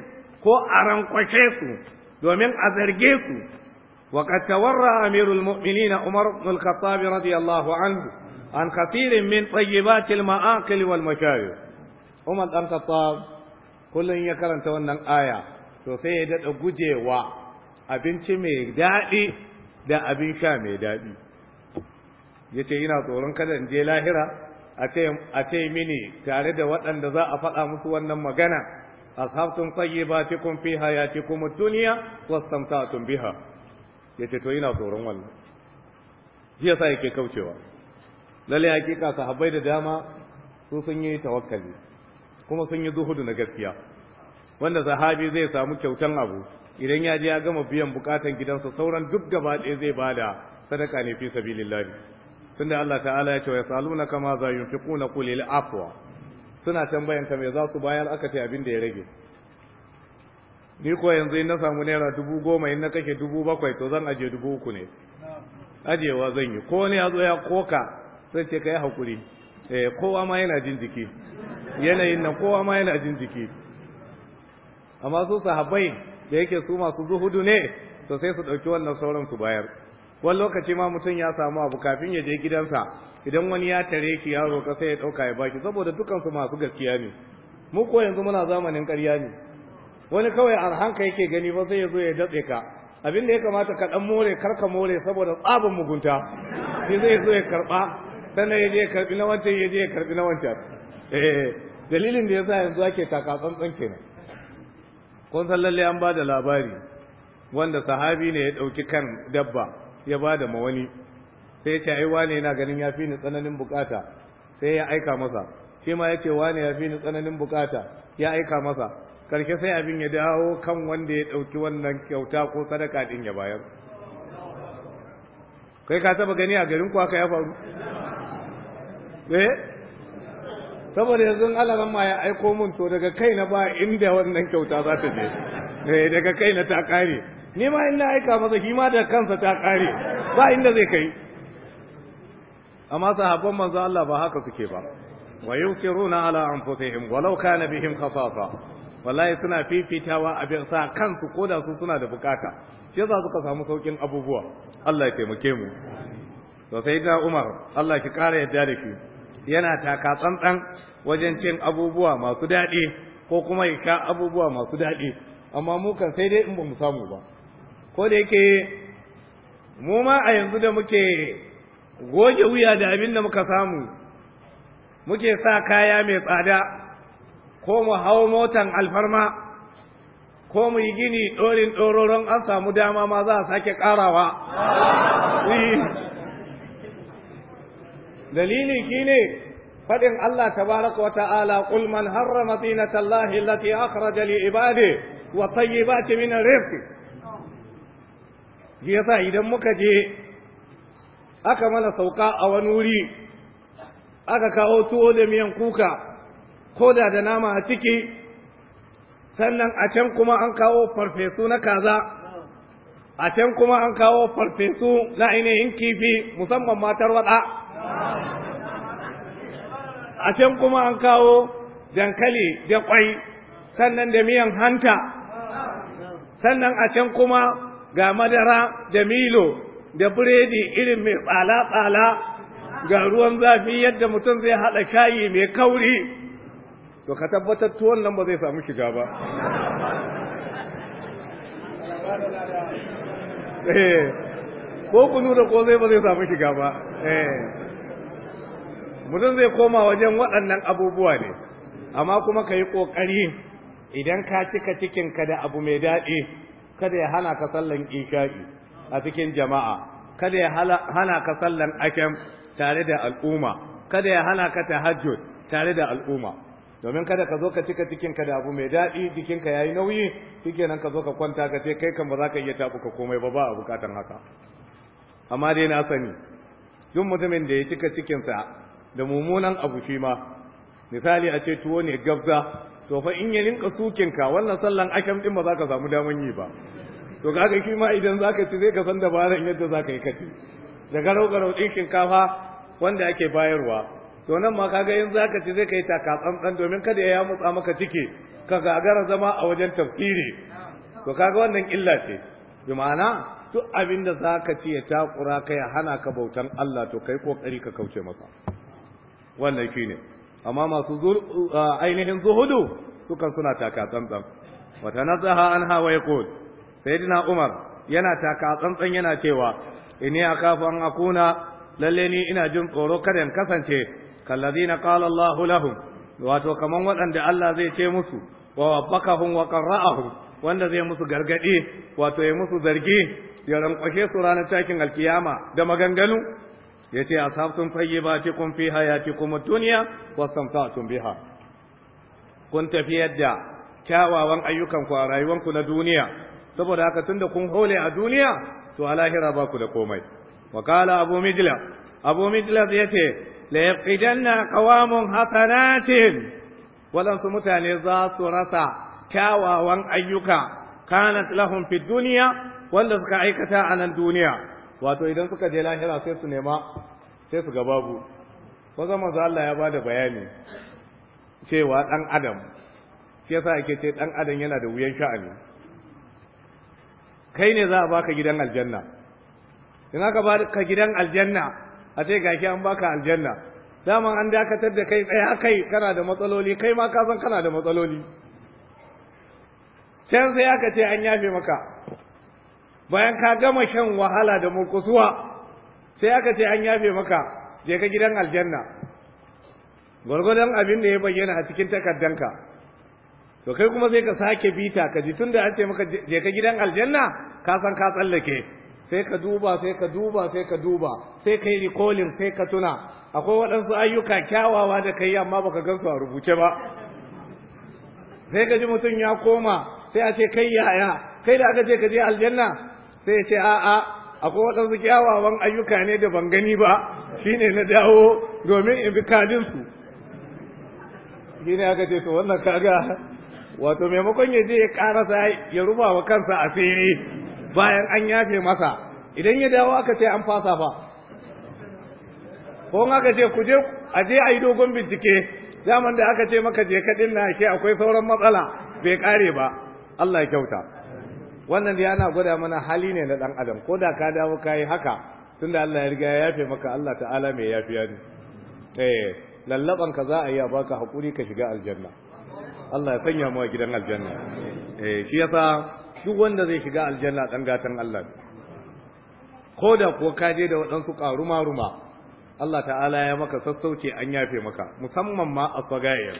ko a rankwace su domin a zarge su wa qad tawarra amirul mu'minin umar ibn al-khattab radiyallahu anhu an kathirin min tayyibatil ma'aqil wal mashayikh umar al khattab kullun ya karanta wannan aya to sai ya daɗa gujewa abinci mai daɗi da abin sha mai daɗi Yace ina tsoron kada in je lahira a ce mini tare da waɗanda za a faɗa musu wannan magana ashabtum tayyibatikum fi hayatikum ad-dunya wastamta'tum biha yace to ina tsoron wannan shi yasa yake kaucewa lalle hakika sahabbai da dama su sun yi tawakkali kuma sun yi zuhudu na gaskiya wanda sahabi zai samu kyautan abu idan ya je ya gama biyan bukatan gidansa sauran duk gaba ɗaya zai bada sadaka ne fi sabilillahi Sun tunda Allah ta'ala ya ce wa yasaluna kama za yunfiquna qul lil afwa suna tambayan ka me za su bayar aka ce abin da ya rage ni ko yanzu in na samu naira dubu goma in na kake dubu bakwai to zan aje dubu uku ne ajewa zan yi ko ne ya zo ya koka zan ce ka yi haƙuri eh, kowa ma yana jin jiki yanayin nan kowa ma yana jin jiki amma su sahabbai da yake su masu zuhudu ne to sai su ɗauki wannan sauran su bayar wani lokaci ma mutum ya samu abu kafin ya je gidansa idan wani ya tare shi ya roƙa sai ya ɗauka ya baki saboda dukansu masu gaskiya ne mu ko yanzu muna zamanin ƙarya ne wani kawai arhanka yake gani ba sai ya zo ya datse ka abin da ya kamata ka ɗan more kar ka more saboda tsabin mugunta sai zai zo ya karɓa sannan ya je ya karɓi na wancan ya je ya karɓi na wancan eh, dalilin da ya sa yanzu ake taka tsantsan kenan kun san lallai an ba da labari wanda sahabi ne ya ɗauki kan dabba ya ba da ma wani sai ya ce ai wane yana ganin ya fi ni tsananin bukata sai ya aika masa shi ma ya ce wane ya fi ni tsananin bukata ya aika masa karshe sai abin ya dawo kan wanda ya ɗauki wannan kyauta ko sadaka ɗin ya bayar kai ka taba gani a garin kwaka ya faru eh saboda yanzu alaran ma ya aiko mun to daga kai na ba inda wannan kyauta za ta je eh, daga kai na ta kare Nima ma in na aika masa shi ma da kansa ta kare ba inda zai kai amma sahabban manzo Allah ba haka suke ba wa yusiruna ala anfusihim walau kana bihim khasasa wallahi suna fifitawa a sa kansu ko da su suna da bukata shi yasa suka samu saukin abubuwa Allah ya taimake mu to sai da Umar Allah ki kara yadda da shi yana taka tsantsan wajen cin abubuwa masu daɗi ko kuma ya sha abubuwa masu daɗi amma mu kan sai dai in ba mu samu ba ko da yake mu ma a yanzu da muke goge wuya da abin da muka samu muke sa kaya mai tsada ko mu hau motan alfarma ko mu yi gini ɗorin ɗororon an samu dama ma za a sake ƙarawa dalili ki ne faɗin Allah tabaraka wa ta'ala qul man harrama zinata Allahi allati akhraja li ibadi wa tayyibati min rizqi shi yasa idan muka je aka mana sauka a wani wuri aka kawo tuwo da miyan kuka ko da da nama a ciki sannan a can kuma an kawo farfesu na kaza a can kuma an kawo farfesu na ainihin kifi musamman matar wada, a can kuma an kawo dankali da ƙwai sannan da miyan hanta sannan a can kuma ga madara da milo da biredi irin mai tsala-tsala ga ruwan zafi yadda mutum zai haɗa shayi mai kauri to ka tabbatar tuwon nan ba zai samu shiga ba eh, ko kunu da ko zai ba zai samu shiga ba eh, mutum zai koma wajen waɗannan abubuwa ne amma kuma ka yi ƙoƙari idan ka cika cikinka da abu mai daɗi kada ya hana ka sallan ikaki a cikin jama'a kada ya hana ka sallan akem tare da al'umma kada ya hana ka tahajjud tare da al'umma domin kada ka zo ka cika cikinka da abu mai daɗi jikinka yayi nauyi nan ka zo ka kwanta ka ce kai kan ba za ka iya tabuka komai ba ba a bukatan haka amma dai na sani duk mutumin da ya cika cikinsa da mummunan abu shi ma misali a ce tuwo ne gabza to fa in ya rinka sukinka wannan sallan akan din ba za ka samu daman yi ba to kaga shi ma idan za ka ci zai ka san dabarar yadda za ka yi kaci da garau-garau ɗin shinkafa wanda ake bayarwa to nan ma kaga in zaka ka ci zai ka yi takatsantsan domin kada ya mutsa maka ciki ka gagara zama a wajen tafsiri to kaga wannan illa ce bi ma'ana duk abin da za ka ci ya takura ka ya hana ka bautan Allah to kai kokari ka kauce masa wannan shine amma masu uh, ainihin zuhudu sukan suna taka tsantsan wata nazaha an hawa ya kod dina umar yana taka tsantsan yana cewa inni akafu an akuna lalle ni ina jin tsoro kada in kasance na qala Allahu lahum wato kaman waɗanda Allah zai ce musu wa waffaqahum wa qarra'ahum wanda zai musu gargadi wato ya musu zargi ya rankwashe su ranar takin alkiyama da maganganu yace asabtum tayyibatikum fi hayatikum ad-dunya wastamta'tum biha kun tafi yadda kyawawan ayyukan ku a rayuwanku na duniya saboda haka tunda kun hole a duniya to a lahira ba ku da komai wa qala abu mijla abu mijla yace la yaqidanna qawamun hasanatin walansu mutane za su rasa kyawawan ayyuka kanat lahum fi dunya wanda suka aikata a nan duniya wato idan suka je lahira sai su nema sai su gababu. babu wanda za Allah ya bada bayani cewa dan adam shi yasa ake ce dan adam yana da wuyan sha'ani kai ne za a baka gidan aljanna ba ka baka gidan aljanna a ce gaki an baka aljanna Dama an dakatar da kai tsaya kai kana da matsaloli kai ma ka san kana da matsaloli can sai aka ce an yafe maka bayan ka gama shan wahala da murkusuwa sai aka ce an yafe maka je ka gidan aljanna gwargwadon abin da ya bayyana a cikin takardanka to kai kuma sai ka sake bita ka ji tunda an ce maka je ka gidan aljanna ka san ka tsallake sai ka duba sai ka duba sai ka duba sai kai rikolin sai ka tuna akwai waɗansu ayyuka kyawawa da kai amma baka gansu a rubuce ba sai ka ji mutum ya koma sai a ce kai yaya kai da aka ce ka je aljanna sai ce a'a akwai waɗansu kyawawan ayyuka ne da ban gani ba shine na dawo domin in bi kadinsu shine aka ce to wannan kaga wato maimakon ya je ya karasa ya ruba wa kansa asiri bayan an yafe masa idan ya dawo aka ce an fasa ba ko aka ce ku je a je a yi dogon bincike daman da aka ce maka je kaɗin na ke akwai sauran matsala bai kare ba Allah ya kyauta wannan dai ana gwada mana hali ne na dan adam ko da ka dawo yi haka tunda Allah ya riga ya yafe maka Allah ta'ala mai yafiya ne eh lallaban ka za a yi a baka hakuri ka shiga aljanna Allah ya sanya mu a gidan aljanna eh shi yasa duk wanda zai shiga aljanna dan gatan Allah ko da kuwa ka je da waɗansu karuma ruma Allah ta'ala ya maka sassauce an yafe maka musamman ma a sagayar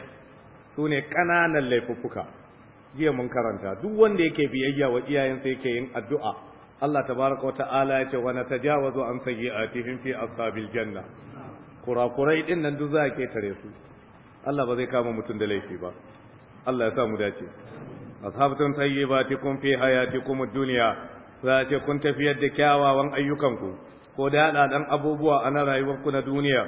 su ne ƙananan laifuffuka jiya mun karanta duk wanda yake biyayya wa iyayensa yake yin addu'a Allah tabaraka wata'ala ya ce wa natajawazu an sayyi'atihim fi ashabil janna kurakurai din nan duk za ke tare su Allah ba zai kama mutum da laifi ba Allah ya sa mu dace ashabtum sayyibatikum fi hayatikum ad-dunya za ce kun tafiyar da kyawawan ayyukanku ko da hada dan abubuwa ana rayuwarku na duniya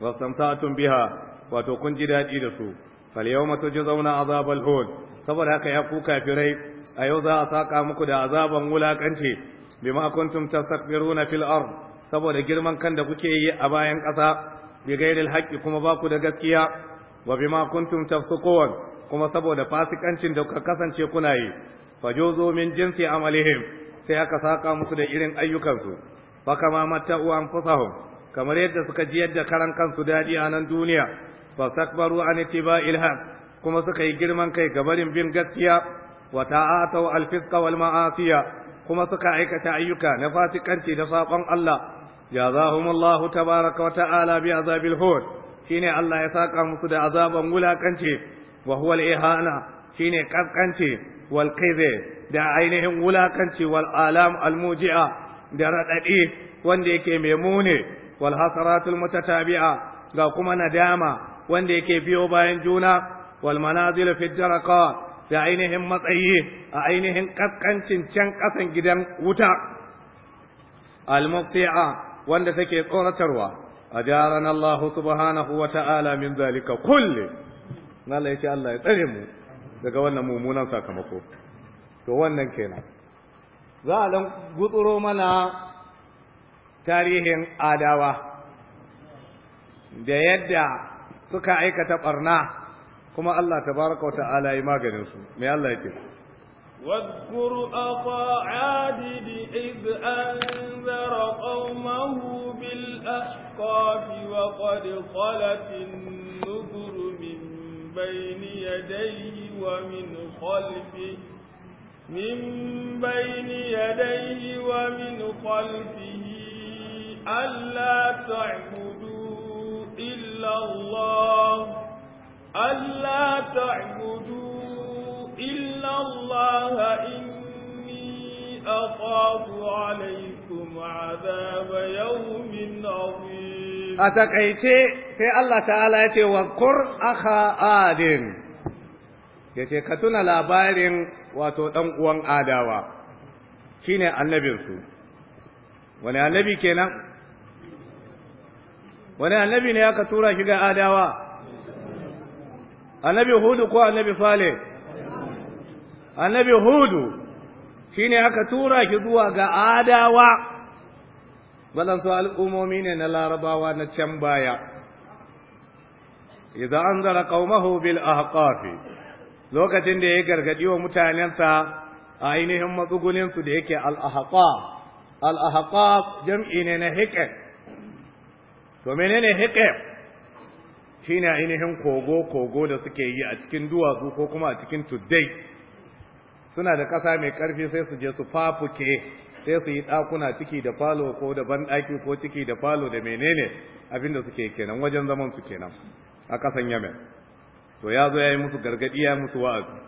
wasamta'tum biha wato kun ji dadi da su fal yawma tujzauna azabal hun saboda haka ya kuka firai a yau za a saka muku da azaban wulakanci bima kuntum tastakbiruna fil ard saboda girman kan da kuke yi a bayan ƙasa bi ghairil haqqi kuma ba ku da gaskiya wa bima kuntum tafsuqun kuma saboda fasikancin da kuka kasance kuna yi fajuzu min jinsi amalihim sai aka saka musu da irin ayyukansu fa kama matta'u anfusahum kamar yadda suka ji yadda karan kansu dadi a nan duniya takbaru an ittiba'il haqq kuma suka yi girman kai ga barin bin gaskiya wa ta'atau al wal ma'asiya kuma suka aikata ayyuka na fasikanci da sakon Allah jazahumullahu tabaraka wa ta'ala bi azabil hud shine Allah ya saka musu da azaban wulakanci wa huwa al-ihana shine kaskanci wal da ainihin wulakanci wal alam al-muji'a da radadi wanda yake mai mune wal hasaratul mutatabi'a ga kuma nadama wanda yake biyo bayan juna wal manazil fi daraqat da ainihin matsayi a ainihin kaskancin can ƙasan gidan wuta al wanda take tsoratarwa ajarana Allah subhanahu wa ta'ala min zalika kulli Allah ya ce Allah ya daga wannan mummunan sakamako to wannan kenan za a dan mana tarihin adawa da yadda suka aikata ɓarna. kuma Allah tabaraka wata'ala ya maganin su me Allah yake واذكر أطاع عادد إذ أنذر قومه بالأحقاف وقد خلت النذر من بين يديه ومن خلفه من بين يديه ومن خلفه ألا تعبدوا إلا الله ألا تعبدوا إلا الله إني أخاف عليكم عذاب يوم عظيم أتكيتي في الله تعالى وقر أخا آدم yace ka tuna labarin wato ɗan uwan adawa shine annabinsu wani annabi kenan wani annabi ne aka tura shi ga adawa annabi hudu ko annabi salih annabi hudu shine aka tura shi zuwa ga adawa waɗansu al'ummomi ne na larabawa na can baya idan an zara ƙaumahu bil ahqafi lokacin da ya gargadi wa mutanensa a ainihin matsuguninsu da yake al'ahaqaf al'ahaqaf jam'i ne na hiƙe to menene hiƙe shine ainihin kogo kogo da suke yi a cikin duwatsu ko kuma a cikin tuddai suna da ƙasa mai ƙarfi sai su je su fafuke sai su yi ɗakuna ciki da falo ko da banɗaki ko ciki da falo da menene abinda suke kenan wajen zaman su kenan a kasan yamen to ya zo ya yi musu gargaɗi ya musu wa'azi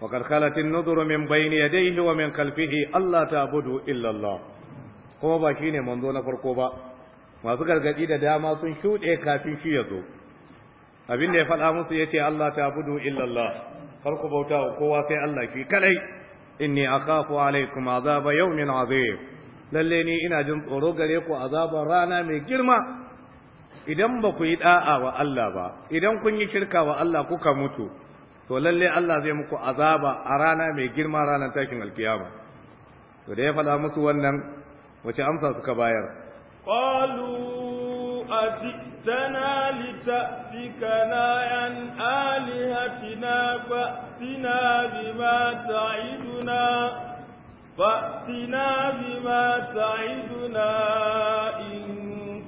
wa karkalatin nuzuru min bayni yadayhi wa min khalfihi Allah ta'budu illa Allah kuma ba shine manzo na farko ba masu gargaɗi da dama sun shuɗe kafin shi ya zo abin da ya faɗa musu ya ce Allah ta budu illallah kar ku bauta wa kowa sai Allah ki kadai inni akhafu alaikum azaba yawmin azim lalle ni ina jin tsoro gare ku azaban rana mai girma idan ba ku yi da'a wa Allah ba idan kun yi shirka wa Allah kuka mutu to lalle Allah zai muku azaba a rana mai girma ranar tashin alkiyama to da ya faɗa musu wannan wace amsa suka bayar qalu جئتنا لتأفكنا عن آلهتنا فأتنا بما تعدنا فأتنا بما تعدنا إن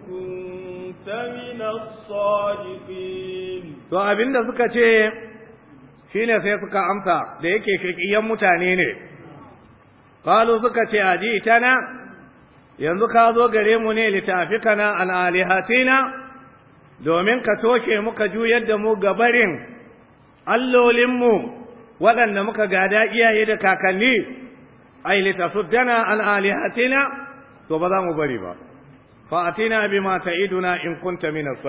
كنت من الصادقين to abin da suka ce shine sai suka amsa da yake kirkiyan mutane ne qalu suka ce tana, yanzu ka zo gare mu ne litafikana an alihatina domin ka toshe muka juyar da mu gabarin allolinmu waɗanda muka gada iyaye da kakanni ai dana al'ali alihatina to ba za mu bari ba fa'atina mata iduna in kunta mina as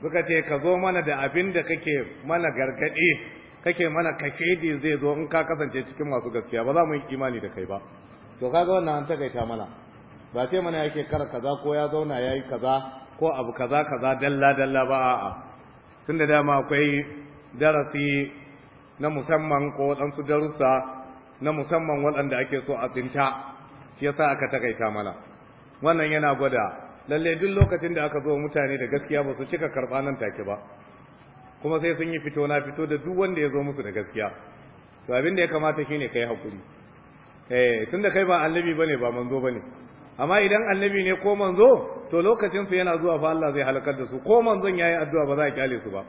suka ce ka zo mana da abin da kake mana gargadi kake mana kashedi zai zo in ka kasance cikin masu gaskiya ba za mu yi imani da kai ba to kaga wannan an takaita mana ba ce mana yake kar kaza ko ya zauna ya yi kaza ko abu kaza kaza dalla dalla ba a'a tunda dama akwai darasi na musamman ko waɗansu darussa na musamman waɗanda ake so a tsinta shi yasa aka takaita mana wannan yana gwada lalle duk lokacin da aka zo mutane da gaskiya ba su cika karɓa nan take ba kuma sai sun yi fito na fito da duk wanda ya zo musu da gaskiya to abin da ya kamata shine kai hakuri eh tunda kai ba annabi bane ba manzo bane amma idan annabi ne ko manzo to lokacin su yana zuwa fa Allah zai halakar da su ko manzon yayi addu'a ba za a kyale su ba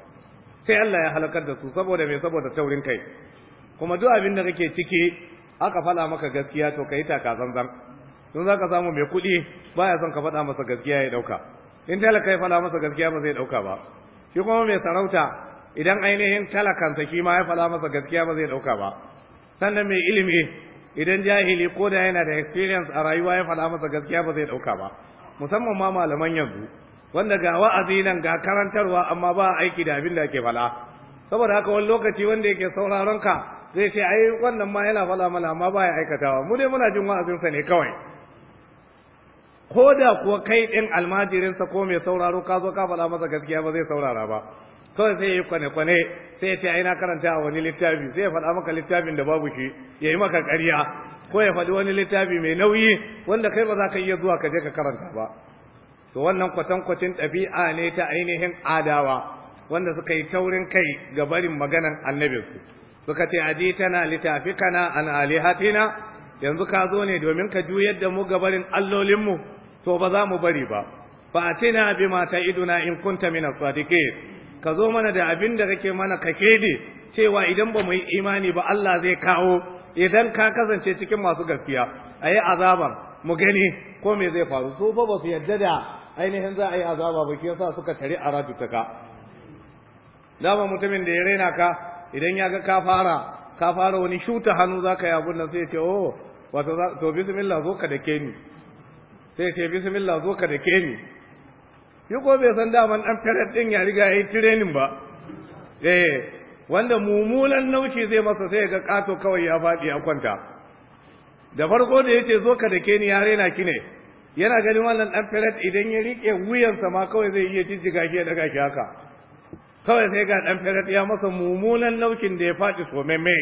sai Allah ya halakar da su saboda me saboda taurin kai kuma duk abin da kake ciki aka fada maka gaskiya to kai ta ka zanzan don zaka samu mai kuɗi baya son ka fada masa gaskiya ya dauka in talaka ya fada masa gaskiya ba zai dauka ba shi kuma mai sarauta idan ainihin talakansa shi ma ya fada masa gaskiya ba zai dauka ba sannan mai ilimi idan jahili ko da yana da experience a rayuwa ya faɗa masa gaskiya ba zai ɗauka ba musamman ma malaman yanzu wanda ga wa'azi nan ga karantarwa amma ba aiki da abin da ake fala saboda haka wani lokaci wanda yake sauraron ka zai ce ai wannan ma yana faɗa mana amma ba ya aikatawa mu dai muna jin wa'azinsa ne kawai ko da kuwa kai ɗin almajirinsa ko mai sauraro ka zo ka faɗa masa gaskiya ba zai saurara ba kawai sai yi kwane-kwane sai ta yi na karanta a wani littafi sai ya faɗa maka littafin da babu shi ya yi maka ƙarya ko ya faɗi wani littafi mai nauyi wanda kai ba za ka iya zuwa ka je ka karanta ba to wannan kwatankwacin ɗabi'a ne ta ainihin adawa wanda suka yi taurin kai ga barin maganan annabinsu suka ce littafi kana an alihatina yanzu ka zo ne domin ka juyar da mu ga barin allolinmu to ba za mu bari ba fa'atina bima ta'iduna in kunta min as-sadiqin ka zo mana da abin da kake mana ka kede cewa idan ba mu yi imani ba Allah zai kawo idan ka kasance cikin masu gaskiya a yi azaban mu gani ko me zai faru su fa ba su yarda da ainihin za a yi azaba ba shi yasa suka tare a ratutaka dama mutumin da ya raina ka idan ya ga ka fara ka fara wani shuta hannu za ka yi abun nan sai ce oh wato to bismillah zo ka dake ni sai ce bismillah zo ka dake ni shi ko bai san daman ɗan karar ɗin ya riga ya yi tirenin ba eh wanda mummunan naushi zai masa sai ga kato kawai ya fadi ya kwanta da farko da ya ce zo ka da ke ni yare na kine. yana ganin wannan ɗan karar idan ya riƙe wuyansa ma kawai zai iya jijjiga shi ya daga shi haka kawai sai ga ɗan karar ya masa mummunan naushin da ya faɗi meme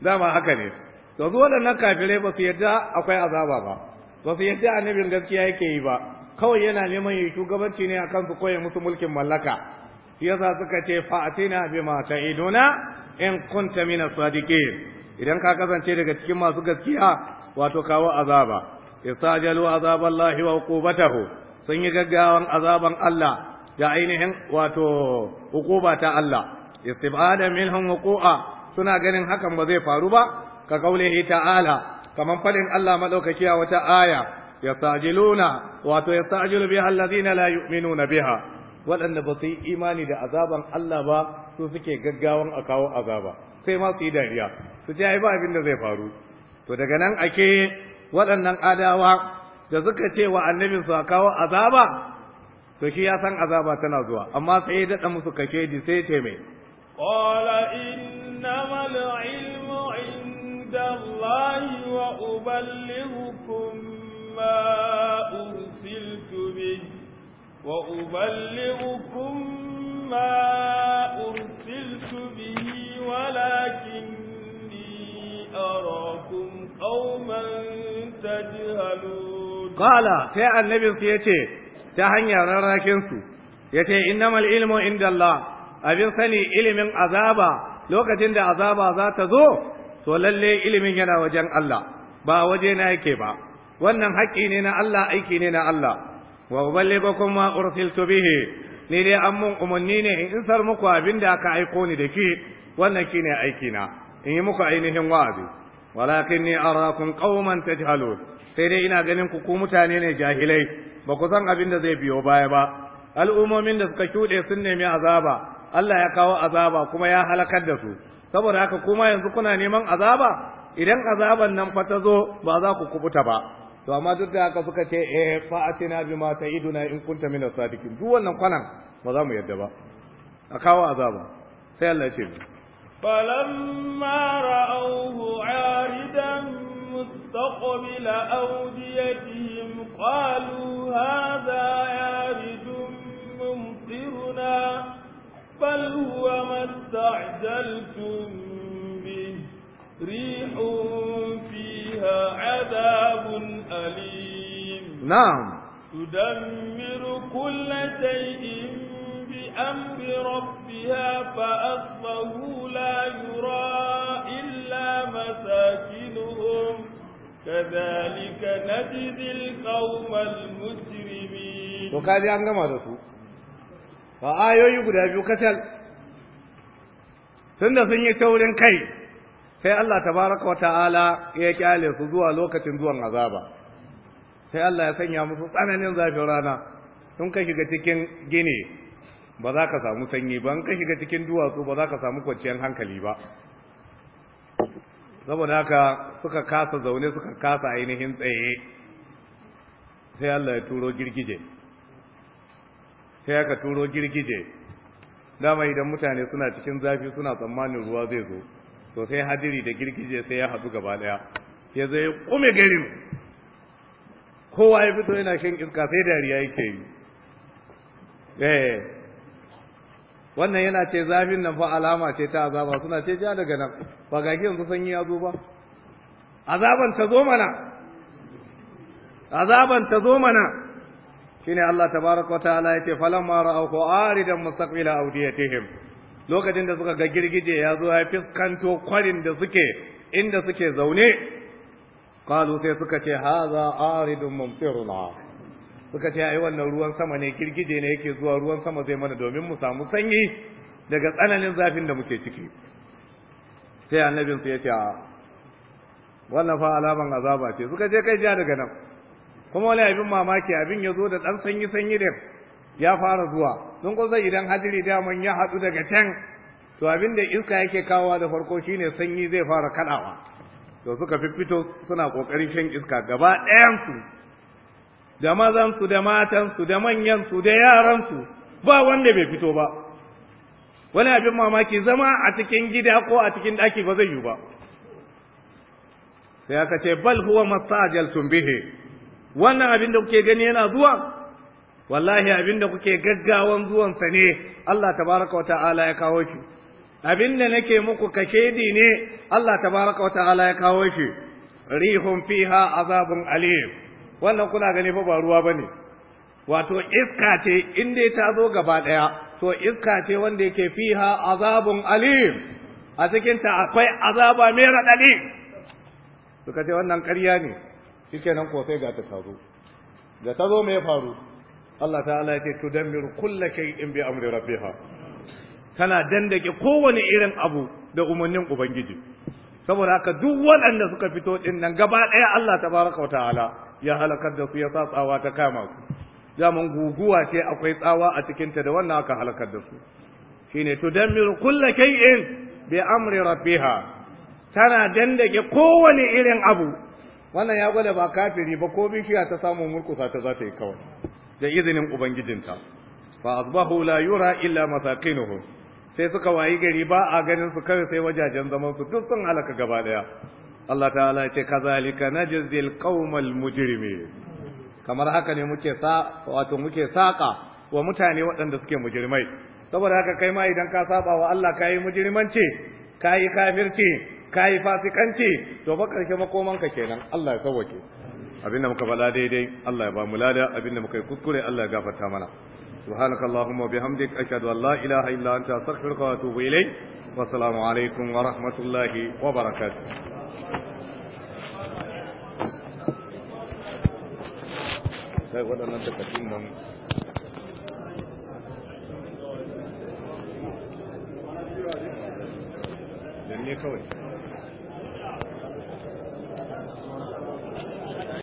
dama haka ne to zuwa nan kafirai ba su yadda akwai azaba ba ba su yadda annabin gaskiya yake yi ba kawai yana neman yi shugabanci ne akan su koya musu mulkin mallaka yasa suka ce fa'atina bima ta'iduna in kunta min as-sadiqin idan ka kasance daga cikin masu gaskiya wato kawo azaba istajalu azaballahi wa uqubatahu sun yi gaggawan azaban Allah da ainihin wato hukuba ta Allah istib'ada minhum suna ganin hakan ba zai faru ba ka kaulihi ta'ala kamar fadin Allah madaukaki a wata aya yasajiluna wato yasajilu biha alladhina la yu'minuna biha waɗanda ba su yi imani da azaban Allah ba su suke gaggawan a kawo azaba sai ma su yi dariya su ji ai ba abin da zai faru to daga nan ake waɗannan adawa da suka ce wa annabin su a kawo azaba to shi ya san azaba tana zuwa amma sai ya daɗa musu kake di sai ce mai qala innamal ilmu inda Allah wa ما أرسلت به وأبلغكم ما أرسلت به ولكني أراكم قوما تجهلون قال في النبي سيتي تهنيا راكنسو يتي إنما العلم عند الله أبين سني علم عذابا lokacin da azaba za ta zo to lalle ilimin yana wajen Allah ba waje na yake ba wannan haƙƙi ne na Allah aiki ne na Allah wa uballighukum ma ursiltu bihi ni dai an mun umarni ne in sar muku abin da aka aiko ni da ke wannan shine aiki na in yi muku ainihin wa'azi ni arakum qauman tajhalun sai dai ina ganin ku ku mutane ne jahilai ba ku san abin da zai biyo baya ba al'ummomin da suka shuɗe sun nemi azaba Allah ya kawo azaba kuma ya halakar da su saboda haka kuma yanzu kuna neman azaba idan azaban nan fa ta zo ba za ku kubuta ba to amma duk da haka suka ce eh fa atina bima ta'iduna in kunta minas sadiqin duk wannan kwanan ba za mu yadda ba a kawo azaba sai Allah ya ce falamma ra'awhu 'aridan mustaqbila awdiyatihim qalu hadha 'aridun mumtiruna bal huwa mastajaltum استعجلتم ريح فيها عذاب أليم نعم تدمر كل شيء بأمر ربها فأصله لا يرى إلا مساكنهم كذلك نجزي القوم المجرمين وكذا أنقم هذا فآيوي قد أبيو كتل سنة سنة تولين كي sai Allah tabaraka ta’ala ya kyale su zuwa lokacin zuwan azaba sai Allah ya sanya musu tsananin zafin rana tun ka shiga cikin gine ba za ka samu sanyi ba in ka shiga cikin duwatsu ba za ka samu kwanciyar hankali ba saboda haka suka kasa zaune suka kasa ainihin tsaye sai Allah ya turo girgije sai aka turo girgije dama idan mutane suna cikin zafi suna tsammanin ruwa zai zo to sai hadiri da girgije sai ya haɗu gaba ɗaya ya zai kume garin kowa ya fito yana shan iska sai dariya yake yi eh wannan yana ce zafin nan fa alama ce ta azaba suna ce ja daga nan ba ga yanzu sanyi ya zo ba azaban ta zo mana azaban ta zo mana shine Allah tabaraka wa ta'ala yace falamma ra'awhu aridan mustaqbila awdiyatihim lokacin da suka ga girgije ya zo ya fiskanto kwarin da suke inda suke zaune Kalu sai suka ce haza aridun mumtiruna suka ce ai wannan ruwan sama ne girgije ne yake zuwa ruwan sama zai mana domin mu samu sanyi daga tsananin zafin da muke ciki sai annabin su ya ce wannan fa alaman azaba ce suka ce kai ja daga nan kuma wani abin mamaki abin ya zo da ɗan sanyi sanyi da ya fara zuwa don kusa idan hadiri daman ya haɗu daga can to abinda iska yake kawowa da farko shine sanyi zai fara kaɗawa to suka fiffito suna ƙoƙarin shan iska gaba ɗayansu da mazansu da matansu da manyan su da yaran su ba wanda bai fito ba wani abin mamaki zama a cikin gida ko a cikin ɗaki ba zai yi ba sai aka ce bal huwa mastajaltum bihi wannan abin da kuke gani yana zuwa wallahi abinda kuke gaggawan zuwansa ne Allah tabaraka wata'ala ya kawo shi abinda nake muku kashedi ne Allah tabaraka wata'ala ya kawo shi rihun fiha azabun alim wannan kuna gani fa ba ruwa bane wato iska ce in dai ta zo gaba daya to iska ce wanda yake fiha azabun alim a cikin ta akwai azaba mai radadi suka ce wannan ƙarya ne shikenan ko sai ga ta tazo ga tazo me ya faru Allah ta'ala ya ce tudammiru kulla in bi amri rabbiha tana dandake kowane irin abu da umarnin ubangiji saboda haka duk waɗanda suka fito din nan gaba ɗaya Allah tabaraka wa ta'ala ya halakar da su ya sa tsawa ta kama su Zaman guguwa ce akwai tsawa a cikin ta da wannan aka halakar da su shine tudammiru kulla in bi amri rabbiha tana dandake kowane irin abu wannan ya gwada ba kafiri ba ko bishiya ta samu murkusa ta za ta yi kawai da izinin ubangijinta fa zuba la yura illa masakinuhum sai suka wayi gari ba a ganin su kawai sai wajajen zaman su duk sun halaka gaba daya Allah ta'ala ya ce kazalika najzil qaumal mujrimin kamar haka ne muke sa wato muke saka wa mutane waɗanda suke mujrimai saboda haka kai ma idan ka saba wa Allah kai mujrimanci kai kafirci kai fasikanci to ba karshe makomanka kenan Allah ya sauke abinda muka faɗa daidai Allah ya ba mu lada abinda muka yi kuskure Allah ya gafarta mana سبحانك اللهم وبحمدك أشهد أن لا إله إلا أنت أستغفرك وأتوب إليك والسلام عليكم ورحمة الله وبركاته sai waɗannan